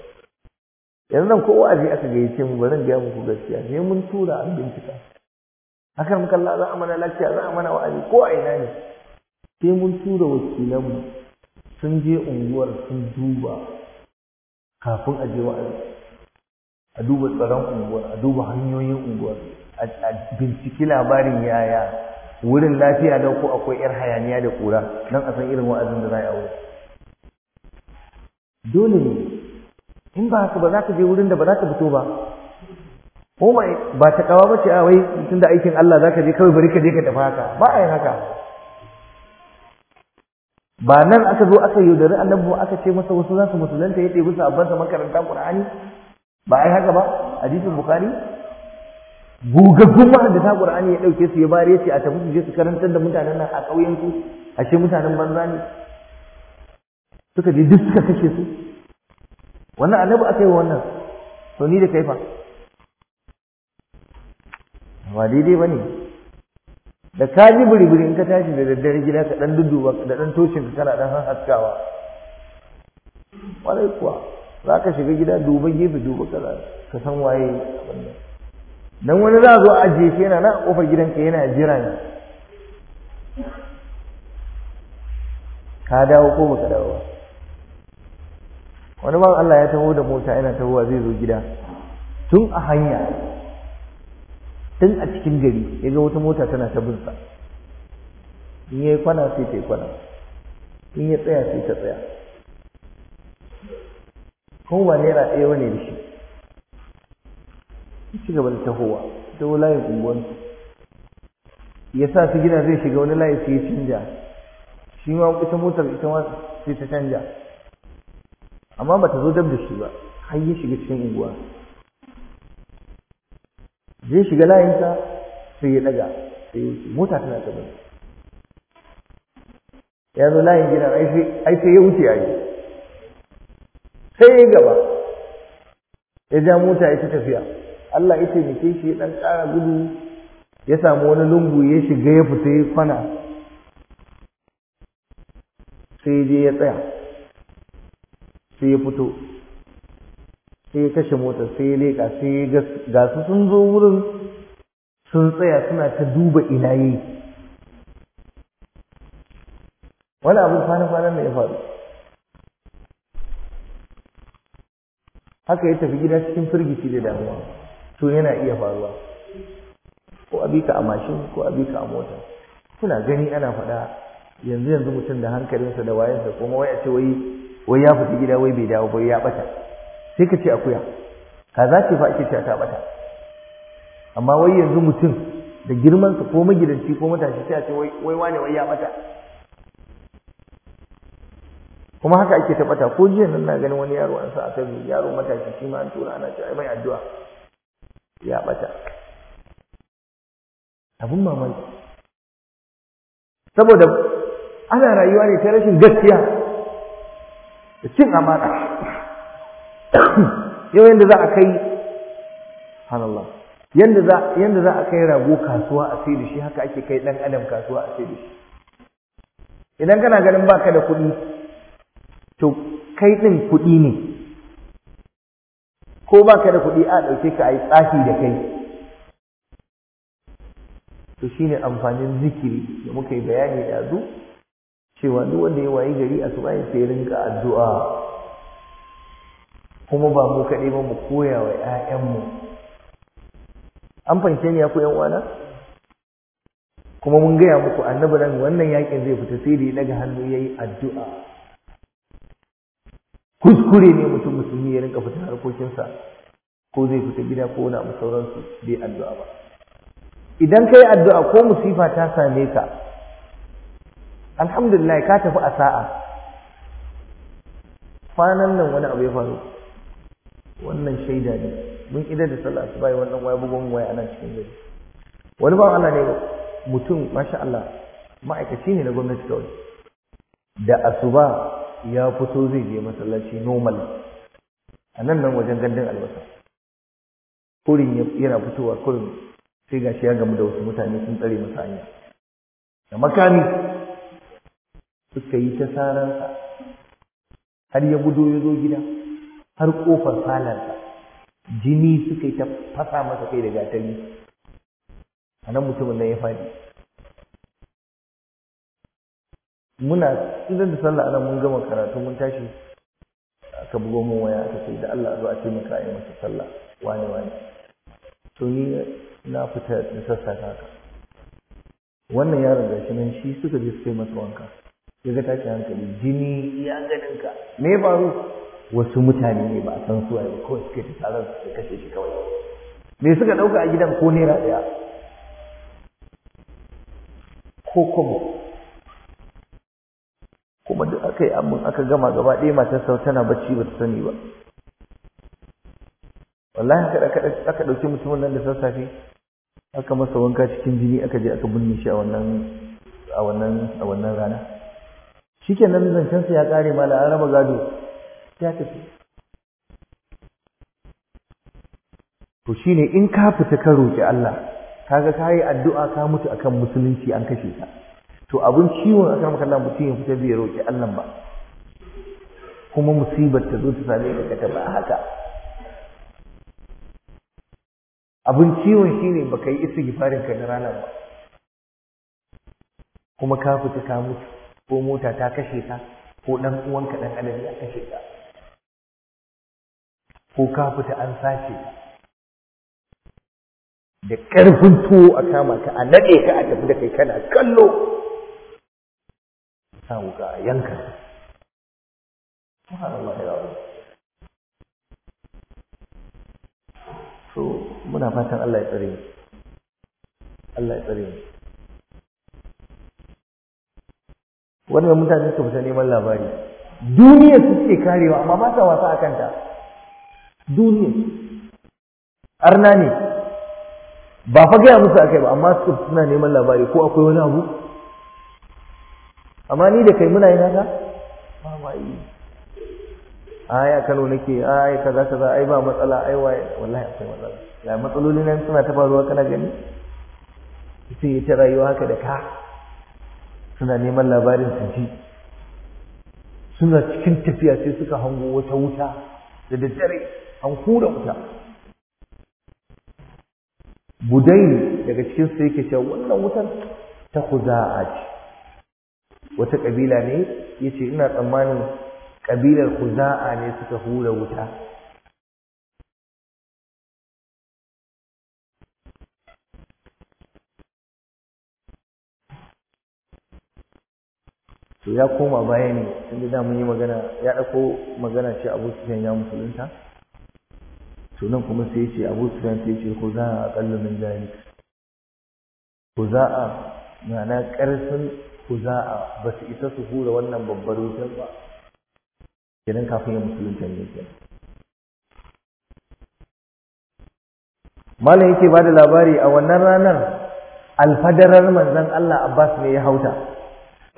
yanzu nan kowa je aka gayyace mu ba zan gaya muku gaskiya sai mun tura an bincika haka muka kalla za a mana lafiya za a mana wa'azi ko a ina ne sai mun tura wakilanmu sun je unguwar sun duba kafin a je wa'azi a duba tsaron unguwar a duba hanyoyin unguwar a binciki labarin yaya wurin lafiya da ko akwai yar hayaniya da kura don a san irin wa'azin da za a wurin dole ne in ba haka ba za ka je wurin da ba za ka fito ba ko mai ba ta kawa ba ce a wai tun da aikin Allah za ka je kawai bari ka je ka tafi haka ba a yin haka ba nan aka zo aka yaudari annabi aka ce masa wasu za su musulunta ya ɗebi sabbansa makaranta Qur'ani ba ai haka ba hadisin bukhari gugaggun mahaddata qur'ani ya dauke su ya bare ya ce a tafi su je su karantar da mutanen nan a ƙauyen ku ashe mutanen banza ne suka je duk suka kashe su wannan annabi aka yi wannan to ni da kai fa ba daidai ba ne da ka ji buri-buri in ka tashi da daddare gida ka ɗan duduba da ɗan toshin ka kana dan haskawa wallahi kuwa za ka shiga gida duba gefe duba kaza ka san waye dan wani za a zo a jefe yana nan kofar gidanka yana jira ne ka dawo ko baka dawo ba wani ban Allah ya taho da mota yana tahowa zai zo gida tun a hanya tun a cikin gari ya ga wata mota tana ta binsa in ya yi kwana sai ta yi kwana in ya tsaya sai ta tsaya kowa naira ɗaya wane da shi ci gaba da tahowa ta wani layin unguwansu ya sa su gina zai shiga wani layi su yi canja shi ma ita motar ita ma sai ta canja amma ba ta zo dab da shi ba har ya shiga cikin unguwa zai shiga ta sai ya daga sai ya wuce mota tana gaba ya zo layin gina aise ya wuce a yi sai ya gaba ya ja mota ya ci tafiya Allah ya taimake shi ya dan ƙara gudu ya samu wani lungu ya shiga ya fita ya kwana sai je ya tsaya sai ya fito sai ya kashe motar sai ya leka, sai ya ga su sun zo wurin sun tsaya suna ta duba ilayi wani abin kwana-kwanan da ya faru haka ya tafi gida cikin firgici da damuwa to yana iya faruwa ko a bika a mashin ko a bika a mota kuna gani ana faɗa yanzu yanzu mutum da hankalinsa da wayansa kuma wai a ce wai wai ya fita gida wai bai dawo bai ya bata sai ka ce akuya kaza ce fa ake cewa ta bata amma wai yanzu mutum da girmansa ko magidanci ko matashi sai a ce wai wane wai ya bata kuma haka ake tabbata ko jiya nan na ganin wani yaro an sa a kan yaro matashi shi ma an tura ana cewa mai addu'a ya bata abun mamaki saboda ana rayuwa ne ta rashin gaskiya da cin amana yau yanda za a kai hanallah yanda za yanda za a kai rago kasuwa a sai da shi haka ake kai dan adam kasuwa a sai da shi idan kana ganin baka da kuɗi to kai ɗin kuɗi ne ko ba ka da kuɗi a ɗauke ka a yi tsafi da kai to shi ne amfanin zikiri da muka yi bayani yanzu cewa duk wanda ya wayi gari a tsubayin sai rinka addu'a kuma ba mu kaɗai ba mu koya wa 'ya'yanmu an fahimce ni ya ku 'yan uwana kuma mun gaya muku annabi nan wannan yakin zai fita sai da ya daga hannu yayi addu'a kuskure ne mutum musulmi ya rinka fita harkokinsa ko zai fita gida ko wani abu sauransu bai addu'a ba idan ka yi addu'a ko musifa ta same ka alhamdulillah ka tafi a sa'a kwanan nan wani abu ya faru wannan shaida ne mun idar da sallah su ya wannan waya bugun waya ana cikin gari wani ba Allah ne mutum masha Allah ma'aikaci ne na gwamnati kawai da asuba ya fito zai je masallaci normal a nan nan wajen gandun albasa kurin yana fitowa kurin sai gashi ya gamu da wasu mutane sun tsare masa hanya da makami suka yi ta sararsa. har ya gudo ya zo gida har kofar salarsa, jini suka yi ta fasa masa kai da gatari a nan mutumin nan ya faɗi muna idan da sallah ana mun gama karatu mun tashi aka bugo mun waya aka ce da Allah a ce muka yi masa sallah wani wani to ni na fita da sassaka haka wannan yaron gashi nan shi suka je suka yi masa wanka ya ga tashi hankali jini ya ganin ka me ya faru wasu mutane ne ba a san su ai kawai suka ta tarar su kashe shi kawai me suka dauka a gidan ko naira daya ko kobo kuma duk aka yi amma aka gama gaba ɗaya matarsa tana bacci ba ta sani ba wallahi aka ɗauki mutumin nan da sassafe aka masa wanka cikin jini aka je aka binne shi a wannan a wannan a wannan rana nan zancen sa ya kare ma an gado ya tafi to shine in ka fita ka roki Allah kaga yi addu'a ka mutu akan musulunci an kashe ka to abin ciwon a kama kallon mutum ya fita bai roƙi Allah ba kuma musibar ta zo ta same ka ka ba haka abin ciwon shine baka yi gifarin ka na ranar ba kuma ka fita ka mutu ko mota ta kashe ka ko ɗan uwanka ɗan adam ya kashe ka ko ka fita an sace da ƙarfin tuwo a kama ka a naɗe ka a tafi da kai kana kallo sa wuka a yanka subhanallah ya so muna fatan Allah ya tsare Allah ya tsare wannan mutane suka fita neman labari duniya suke karewa amma ba ta wasa a kanta duniya arna ne ba fa gaya musu akai ba amma suka suna neman labari ko akwai wani abu amma ni da kai muna yin haka ba ma yi aya Kano nake aya kaza kaza ai ba matsala ai waye wallahi akwai matsala ya matsaloli nan suna ta faruwa kana gani mutum ya ta rayuwa haka da ka suna neman labarin su ji suna cikin tafiya sai suka hango wata wuta da daddare an kura wuta budai daga cikin su yake cewa wannan wutar ta kuza a ci wata ƙabila ne ya ce ina tsammanin kabilar za'a ne suka hura wuta to ya koma baya ne tunda da mun yi magana ya dauko magana ce Abu Sufyan ya musulunta to nan kuma sai ce Abu Sufyan sai yace Khuza'a aƙalla min zalik Khuza'a ma'ana ƙarfin. kuza'a ba su isa su hura wannan babbar wutar ba kenan kafin ya musulunta ne ke malam yake ba da labari a wannan ranar alfadarar manzon Allah Abbas ne ya hauta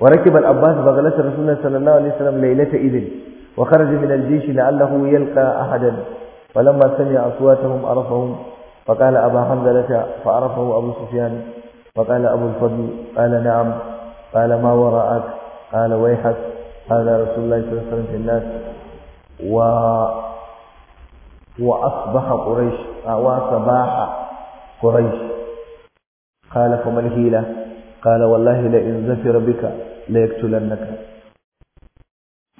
wa rakibal Abbas bagalatar Rasulullah sallallahu alaihi wasallam lailata idin wa kharaja min al-jaysh la'allahu yalqa ahadan falamma sami'a aswatahum arafahum فقال أبا حمزة لك فعرفه أبو سفيان فقال أبو الفضل قال نعم قال ما وراءك قال ويحك هذا رسول الله صلى الله عليه وسلم في الناس و وأصبح قريش صباح قريش قال فما الهيلة قال والله لئن زفر بك ليقتلنك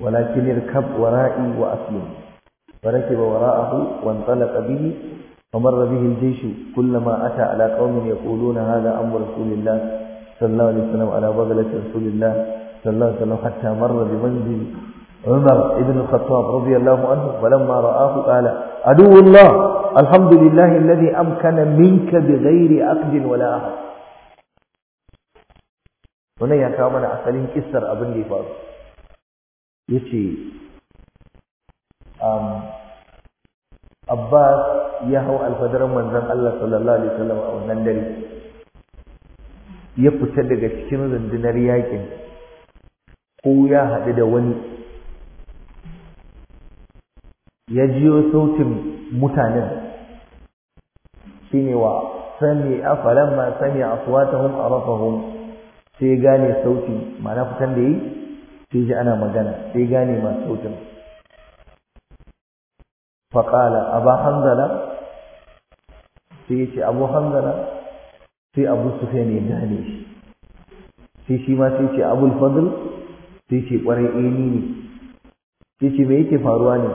ولكن اركب ورائي وأسلم فركب وراءه وانطلق به فمر به الجيش كلما أتى على قوم يقولون هذا أمر رسول الله صلى الله عليه وسلم على بغلة رسول الله صلى الله عليه وسلم حتى مر بمنزل عمر بن الخطاب رضي الله عنه فلما رآه قال عدو الله الحمد لله الذي أمكن منك بغير عقد ولا أحد هنا يا كامل أسألين كسر أبن لي فاضل يتي أباس يهو الفدر من ذن الله صلى الله عليه وسلم أو نندل ya fita daga cikin rundunar yakin ko ya haɗu da wani ya jiyo sautin mutanen shine wa sami a ma sami a suwatahun a rafahun sai gane sautin mana fitan da yi sai ji ana magana sai gane ma sautin faƙala abu hanzala sai ya ce abu hanzala sai abu sufyan ya gane shi sai shi ma sai ce abul fadl sai ce kwarai Eni eh, ne sai ce me yake faruwa ne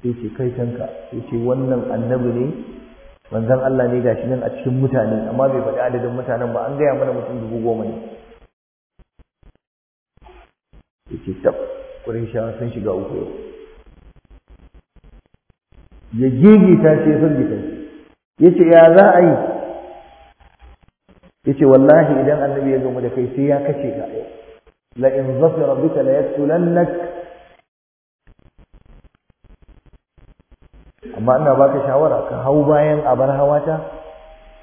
sai ce kai kanka sai ce wannan annabi ne manzon Allah ne gashi nan a cikin mutane amma bai faɗi adadin mutanen ba an gaya mana mutum dubu goma ne sai ce tab kurin sha sun shiga uku yau ya gigita sai sun gita ya ce ya za a yi yace wallahi idan annabi ya gamu da kai sai ya kace ka la in zafira bika la yaktulannak amma ina baka shawara ka hau bayan abar hawata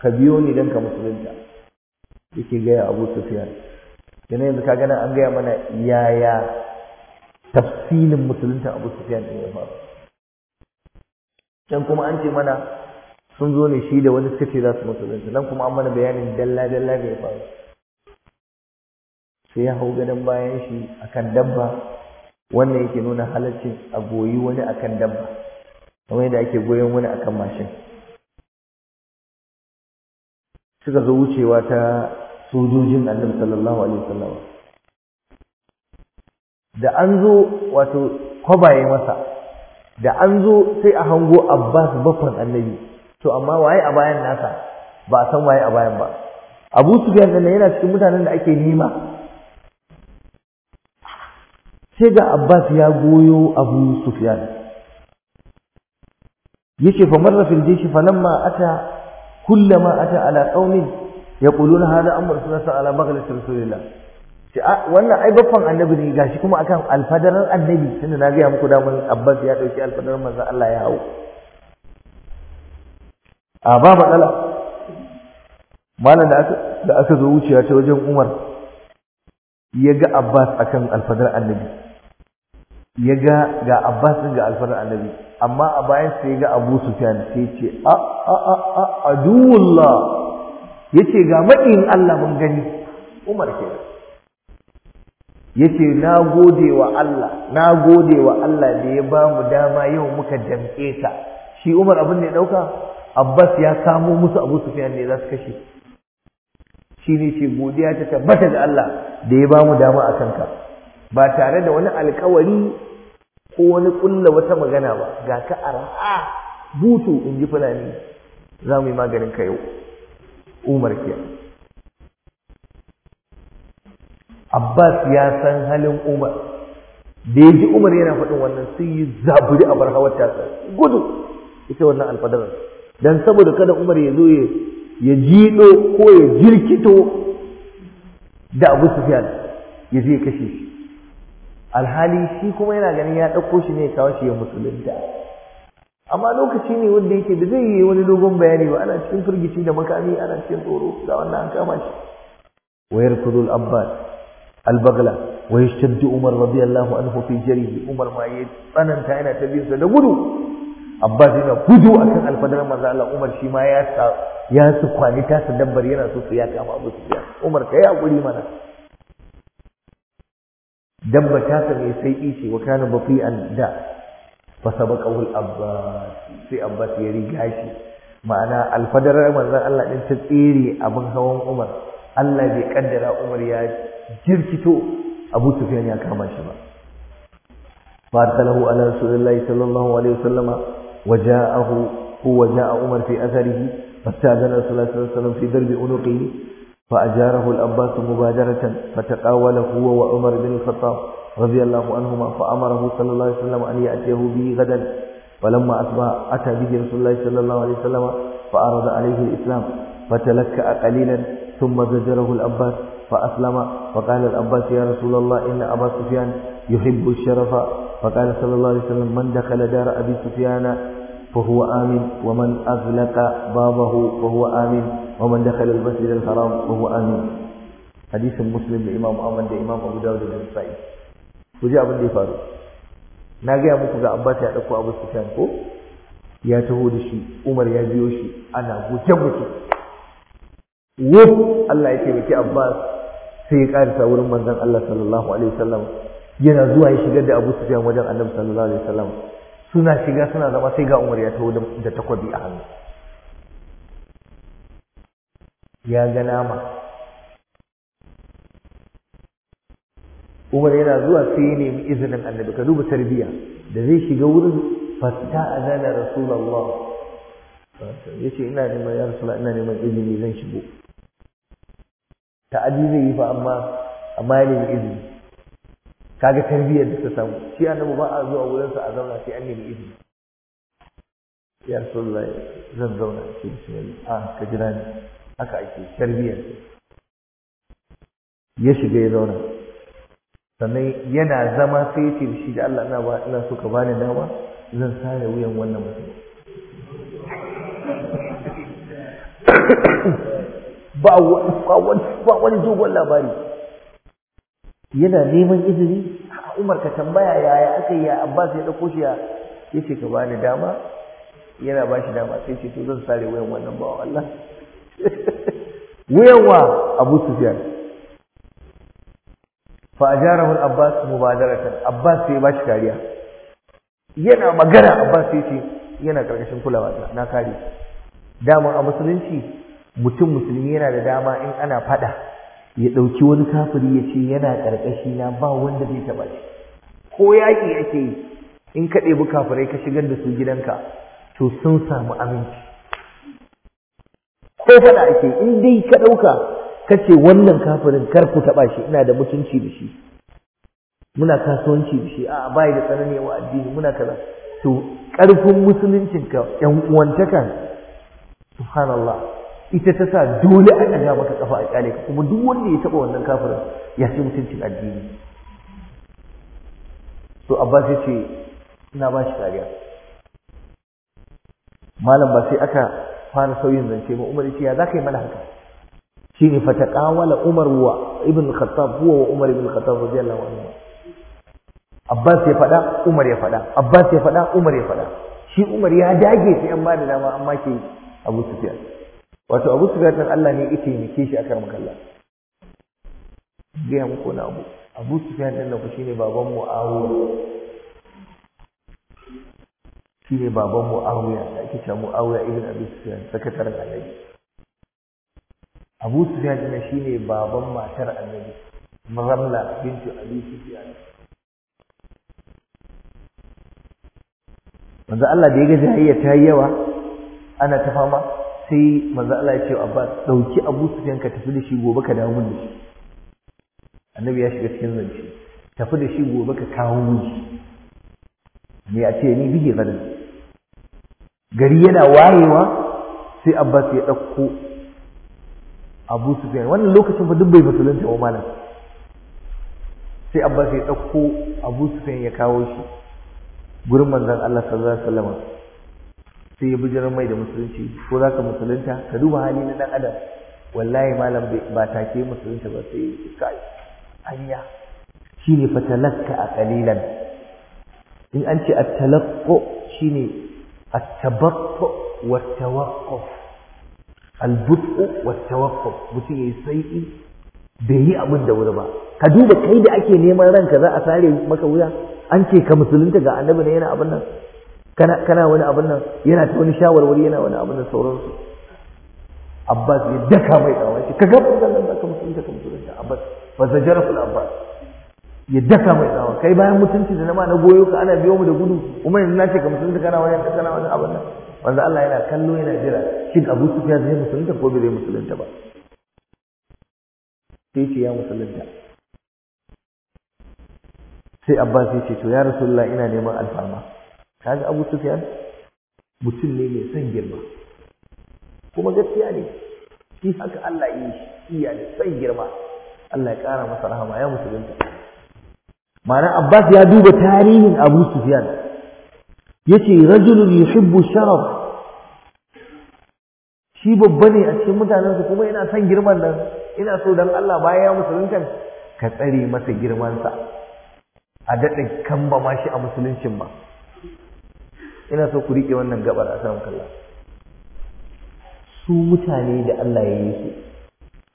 ka biyo ni dan ka musulunta yake gaya Abu Sufyan dan yanzu ka gana an gaya mana yaya tafsilin musulunta Abu Sufyan ne ya dan kuma an ce mana sun zo ne shi da wani suka za su musulunta nan kuma an mana bayanin dalla dalla da ya faru sai ya hau gadon bayan shi akan dabba wannan yake nuna halaccin a goyi wani akan dabba kamar yadda ake goyon wani akan mashin suka zo wucewa ta sojojin annab sallallahu alaihi wasallam da an zo wato kwabaye masa da an zo sai a hango abbas baffan annabi to amma waye a bayan nasa ba a san waye a bayan ba abu sufyan din yana cikin mutanen da ake nima sai ga abbas ya goyo abu sufyan yace fa marra fil jishi lamma ata kullama ata ala qaumin yaquluna hada amru sunnata ala maghlis rasulillah ce ah, wannan ai baffan annabi ne gashi kuma akan alfadarar annabi tunda na gaya muku da mun abbas ya dauki alfadarar manzon Allah ya hawo a ba matsala malam da aka zo wucewa ta wajen umar ya ga abbas akan alfadar annabi ya ga ga abbas ga alfadar annabi amma a bayan sai ya ga abu sufyan sai ce a a a a aduwullah yace ga maɗin allah mun gani umar kenan yace na gode wa Allah na gode wa Allah da ya ba mu dama yau muka jam'e ka shi Umar abin da ya ɗauka abbas ya samo musu abu sufiyan ne za su kashe shi ne ce godiya ta tabbata da Allah da ya bamu dama a kanka ba tare da wani alkawari ko wani kulla wata magana ba ga ka a butu in ji fulani za mu yi maganin ka yau umar kiya abbas ya san halin umar da ya ji umar yana faɗin wannan sai yi zaburi a bar hawar tasa gudu ita wannan alfadarar dan saboda kada Umar ya zo ya jido ko ya jirkito da Abu Sufyan ya je kashe shi alhali shi kuma yana ganin ya ɗauko shi ne kawo shi ya musulunta amma lokaci ne wanda yake da zai yi wani dogon bayani ba ana cikin firgici da makami ana cikin tsoro ga wannan an kama shi wayar kudul abbas albagla wayar yashtaddu umar radiyallahu anhu fi jarihi umar ma ya tsananta yana ta da gudu abbas yana gudu akan alfadar manzo Allah umar shi ma ya sa ya su kwani ta su dabbar yana so su ya kama abu su ya umar kai hakuri mana dabba ta sa ne sai ishe wa kana an da fa sabaqahu al-abbas sai abbas ya riga shi ma'ana alfadarar manzon Allah din ta tsere abin hawan umar Allah bai kaddara umar ya jirkito abu sufyan ya kama shi ba فارسله على رسول الله صلى الله عليه وسلم وجاءه هو جاء عمر في أثره فاستأذن رسول الله صلى الله عليه وسلم في درب عنقه فأجاره الأباس مبادرة فتقاول هو وعمر بن الخطاب رضي الله عنهما فأمره صلى الله عليه وسلم أن يأتيه به غدا فلما أصبح أتى به رسول الله صلى الله عليه وسلم فعرض عليه الإسلام فتلكأ قليلا ثم زجره الأباس فأسلم فقال الأباس يا رسول الله إن أبا سفيان يحب الشرف فقال صلى الله عليه وسلم من دخل دار أبي سفيان فهو آمن ومن أغلق بابه فهو آمن ومن دخل المسجد الحرام فهو آمن حديث مسلم لإمام أحمد لإمام أبو داود النسائي وجاء من فارو na gaya muku ga Abbas ya ɗauko Abu Sufyan ko ya taho da shi Umar ya biyo shi ana guje mutu wuf Allah ya taimaki Abbas sai ya karisa wurin manzon Allah sallallahu yana zuwa ya shigar da Abu Sufyan wajen Annabi suna shiga suna zama sai ga umar ya taho da takwabi a hannu ya ga nama umar yana zuwa sai ya nemi izinin annabi ka duba tarbiyya da zai shiga wurin a zana rasulallah ya ce ina neman ya rasulullah ina neman izini zan shigo ta'adi zai yi fa amma amma ya nemi izini kaga tarbiyyar da ta samu shi annabi ba a zuwa wurin sa a zauna sai an nemi izini ya rasulullahi zan zauna shi bismillah a ah, ka jira ni haka ake tarbiyyar ya shiga ya zauna sannan yana zama sai ce shi da Allah ina ba ina so ka bani dama zan sare wuyan wannan mutum ba wani dogon labari yana neman izini Umar ka tambaya yaya aka yi Abbas ya dauko shi ya ce ka bani dama yana ba shi dama sai ce to zan sare wayan wannan bawa Allah wayan wa Abu Sufyan fa ajarahu Abbas mubadaratan Abbas sai ba shi kariya yana magana Abbas sai ce yana karkashin kulawa ta na kare dama a musulunci mutum musulmi yana da dama in ana fada ya ɗauki wani kafiri ya ce yana ƙarƙashi na ba wanda zai taɓa shi ko yaƙi yake yi in ka ɗebi kafirai ka shigar da su gidanka to sun samu aminci ko faɗa ake in dai ka ɗauka ka ce wannan kafirin kar ku taɓa shi ina da mutunci da shi muna kasuwanci da shi a bayi da tsanani wa addini muna kaza to ƙarfin musuluncinka ƴan uwantakan subhanallah ita ta sa dole a ɗaga maka kafa a ƙyale ka kuma duk wanda ya taɓa wannan kafirin ya ce mutuncin addini to abbas ya ce ina ba shi kariya malam ba sai aka fara sauyin zance ba umar ya ce ya za ka yi mana haka shi ne ƙawala umar wa ibn khattab huwa wa umar ibn khattab lawan anhu abbas ya faɗa umar ya faɗa abbas ya faɗa umar ya faɗa shi umar ya dage sai an ba da dama an make abu sufyan wato abu su gatan Allah ne ita ne ke shi a karmar kalla gaya muku na abu abu su gatan nan ku shi ne baban mu'awiya shi ne baban mu'awiya da ake cewa ya ibn abi sufyan sakataren annabi abu su gatan shi ne baban matar annabi mazamla bintu Ali sufyan manzo Allah da ya ga jahiliya ta yi yawa ana ta fama sai manzo Allah ya ce Abbas dauki Abu Sufyan ka tafi da shi gobe ka dawo mun da shi annabi ya shiga cikin zance tafi da shi gobe ka kawo mun shi me ya ce ni bige gadan gari yana wayewa sai Abbas ya dauko Abu Sufyan wannan lokacin fa duk musulunci musulunta wa malam sai Abbas ya dauko Abu Sufyan ya kawo shi gurin manzon Allah sallallahu alaihi wasallam sai ya bujiran mai da musulunci ko za ka musulunta ka duba hali na ɗan adam wallahi malam ba take musulunta ba sai kai anya shine fatalakka a kalilan in an ce at-talaqqu shine at-tabaqqu wa tawaqquf al-bud'u wa tawaqquf mutum yi sai'i bai yi abin da wuri ba ka duba kai da ake neman ranka za a sare maka wuya an ce ka musulunta ga annabi ne yana abin nan kana kana wani abin nan yana ta wani shawarwari yana wani abin da sauransu abbas ya daka mai dawa shi kaga manzon nan zaka mutunta ka mutunta abbas fa zajara fil abbas ya daka mai dawa kai bayan mutunci da na ma na goyo ka ana biyo mu da gudu umar na ce ka mutunta kana wani kana wani abin nan wanda Allah yana kallo yana jira shin Abu Sufyan zai musulunta ko bai musulunta ba sai ce ya musulunta sai Abbas ya ce to ya Rasulullah ina neman alfarma kaga abu sufyan mutum ne mai son girma kuma gaskiya ne shi haka Allah yi shi iya ne son girma Allah ya ƙara masa rahama ya musulunta ma'ana Abbas ya duba tarihin Abu Sufyan ce rajulun yuhibbu sharaf shi babba ne a cikin mutanensa kuma yana son girman nan ina so dan Allah baya ya musulunta ka tsare masa girmansa a daɗa kamba ma shi a musuluncin ba ina so ku rike wannan gabar a samun kallon su mutane da Allah ya yi su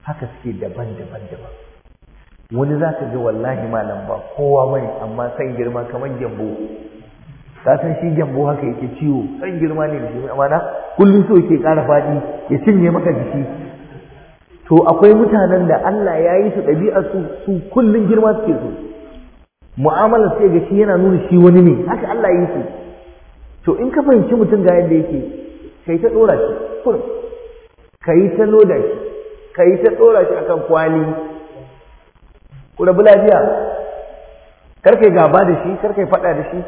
haka suke daban-daban daban wani za ka ga wallahi malam ba kowa bane amma san girma kamar gyambo ka san shi gyambo haka yake ciwo san girma ne da shi amana kullum so yake ƙara faɗi ya cinye maka jiki to akwai mutanen da Allah ya yi su ɗabi'a su su kullum girma suke so mu'amalar sai ga shi yana nuna shi wani ne haka Allah ya yi su to in ka fahimci mutum ga yadda yake ka yi ta dora shi ka yi ta loda shi yi ta dora shi akan kwali ku rabu lafiya yi gaba da shi yi faɗa da shi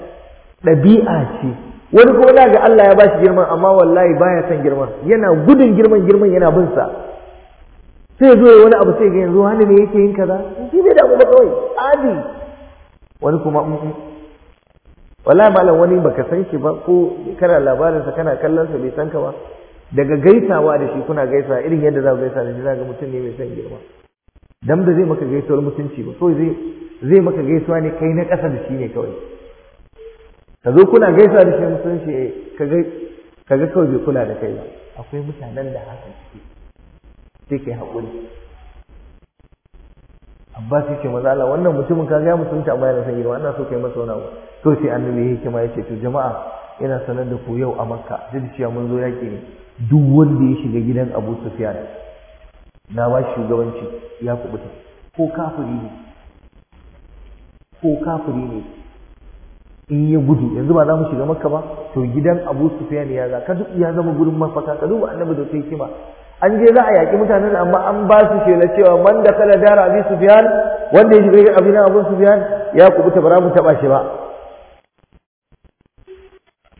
ɗabi'a ce wani kuma na ga Allah ya bashi girman amma wallahi baya son girman yana gudun girman girman yana bin sa sai zo wani abu sai ga yanzu wani ne yake yin kaza shi ne da abu ba kawai adi wani kuma wala malam wani baka san shi ba ko kana labarin sa kana kallon sa bai san ka ba daga gaisawa da shi kuna gaisawa irin yadda za ku gaisa da shi za ga mutum ne mai san girma dan da zai maka gaisuwar mutunci ba so zai zai maka gaisuwa ne kai na ƙasa da shi ne kawai ka zo kuna gaisawa da shi mutunci eh, ka ga ka ga kawai bai kula da kai ba akwai mutanen da haka suke sai haƙuri Abbas ce maza Allah wannan mutumin ka ga ta amma yana son girma ana so kai masa wani abu to sai annabi ya ma ya ce to jama'a ina sanar da ku yau a Makka duk cewa mun zo yaki ne duk wanda ya shiga gidan Abu Sufyan na ba shugabanci ya kubuta ko kafiri ne ko kafiri ne in ya gudu yanzu ba za mu shiga makka ba to gidan abu sufyan ya za ka duk ya zama gurin mafaka ka duba annabi da sai kima an je za a yaƙi mutanen amma an ba su na cewa man da kala dara su biyan wanda ya shiga abin su biyan ya kubuta za mu taɓa shi ba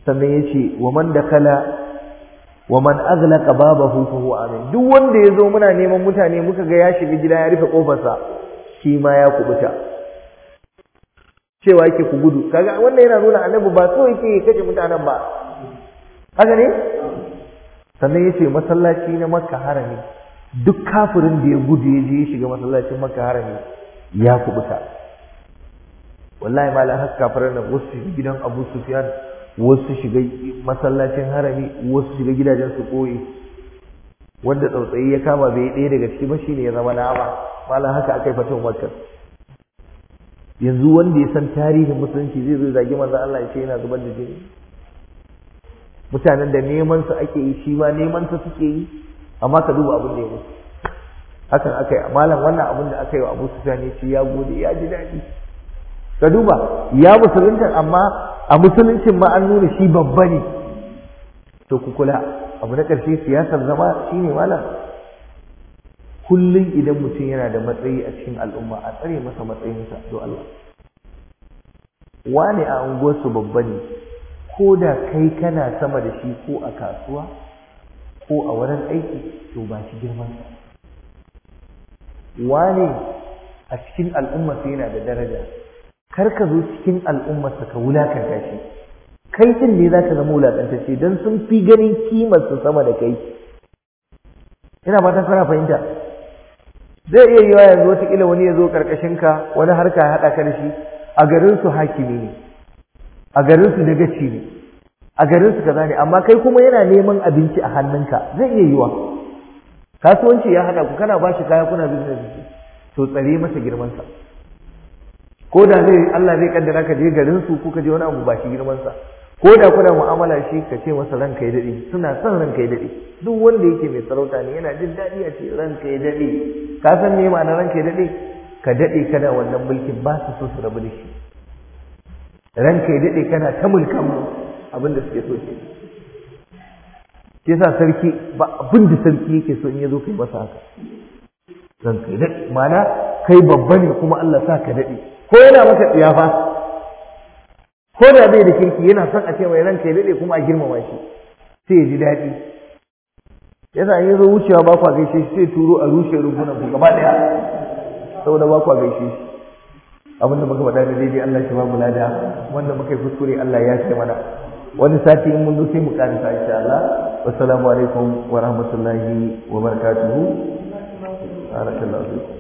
sannan ya ce wa man da kala wa man aghlaqa babahu hufu huwa amin duk wanda ya zo muna neman mutane muka ga ya shiga gida ya rufe kofarsa shi ma ya kubuta cewa yake ku gudu kaga wannan yana nuna annabi ba so yake kace mutanen ba haka ne sannan ya ce masallaci na makka harami duk kafirin da ya gudu ya je ya shiga masallacin makka harami ya kubuta wallahi malam haka kafirin nan wasu shiga gidan abu sufiyan wasu shiga masallacin harami wasu shiga gidajen su koyi wanda tsautsayi ya kama bai ɗaya daga ciki ba shine ya zama nama malam haka aka yi fatan makka yanzu wanda ya san tarihin musulunci zai zo zagi manzo Allah ya ce yana zubar da jini mutanen da neman su ake yi shi ma neman su suke yi amma ka duba abin da ya mutu hakan aka yi malam wannan abin da aka yi wa Abu Sufyan ya shi ya gode ya ji daɗi ka duba ya musulunta amma a musuluncin ma an nuna shi babba ne to ku kula abu na ƙarshe siyasar zama shine malam kullum idan mutum yana da matsayi a cikin al'umma a tsare masa matsayinsa to Allah wane a unguwarsu babba ne ko da kai kana sama da shi ko a kasuwa ko a wurin aiki to ba shi girman sa wane a cikin al'umma sai yana da daraja kar ka zo cikin al'umma sa ka wulakanta shi kai din ne zaka zama shi dan sun fi ganin kimar su sama da kai ina fatan kana fahimta zai iya yi wa yanzu wata kila wani ya zo karkashin ka wani harka ya haɗa ka da shi a garin su hakimi ne a garinsu na daga ci ne a garinsu ka zane amma kai kuma yana neman abinci a hannunka zai iya yiwa kasuwanci ya hada ku kana shi kaya kuna business to tsare masa girmansa. ko da zai Allah zai kaddara ka je garinsu ko ka je wani abu ba shi girmansa? ko da kuna mu'amala shi ka ce masa ranka ya dade suna son ranka ya dade duk wanda yake mai sarauta ne yana jin dadi a ce ranka ya dade ka san me ma'anar ranka ya dade ka dade kana wannan mulkin ba su so su rabu da shi ranka ya daɗe kana ta mulkan mu abin da suke so ke shi yasa sarki ba abin da sarki yake so in ya zo kai masa haka ranka ya daɗe mana kai babba ne kuma Allah sa ka daɗe ko yana maka tsiyafa ko da bai da kirki yana son a ce mai ranka ya daɗe kuma a girmama shi sai ya ji daɗi yasa in ya zo wucewa ba kwa gaishe shi sai turo a rushe rubunan ku gaba ɗaya saboda ba kwa gaishe shi abinda muka faɗa da daidai Allah shi ba mu lada wanda muka yi kuskure Allah ya ce mana wani sati in mun zo sai mu karanta insha Allah assalamu alaikum wa rahmatullahi wa barakatuhu barakallahu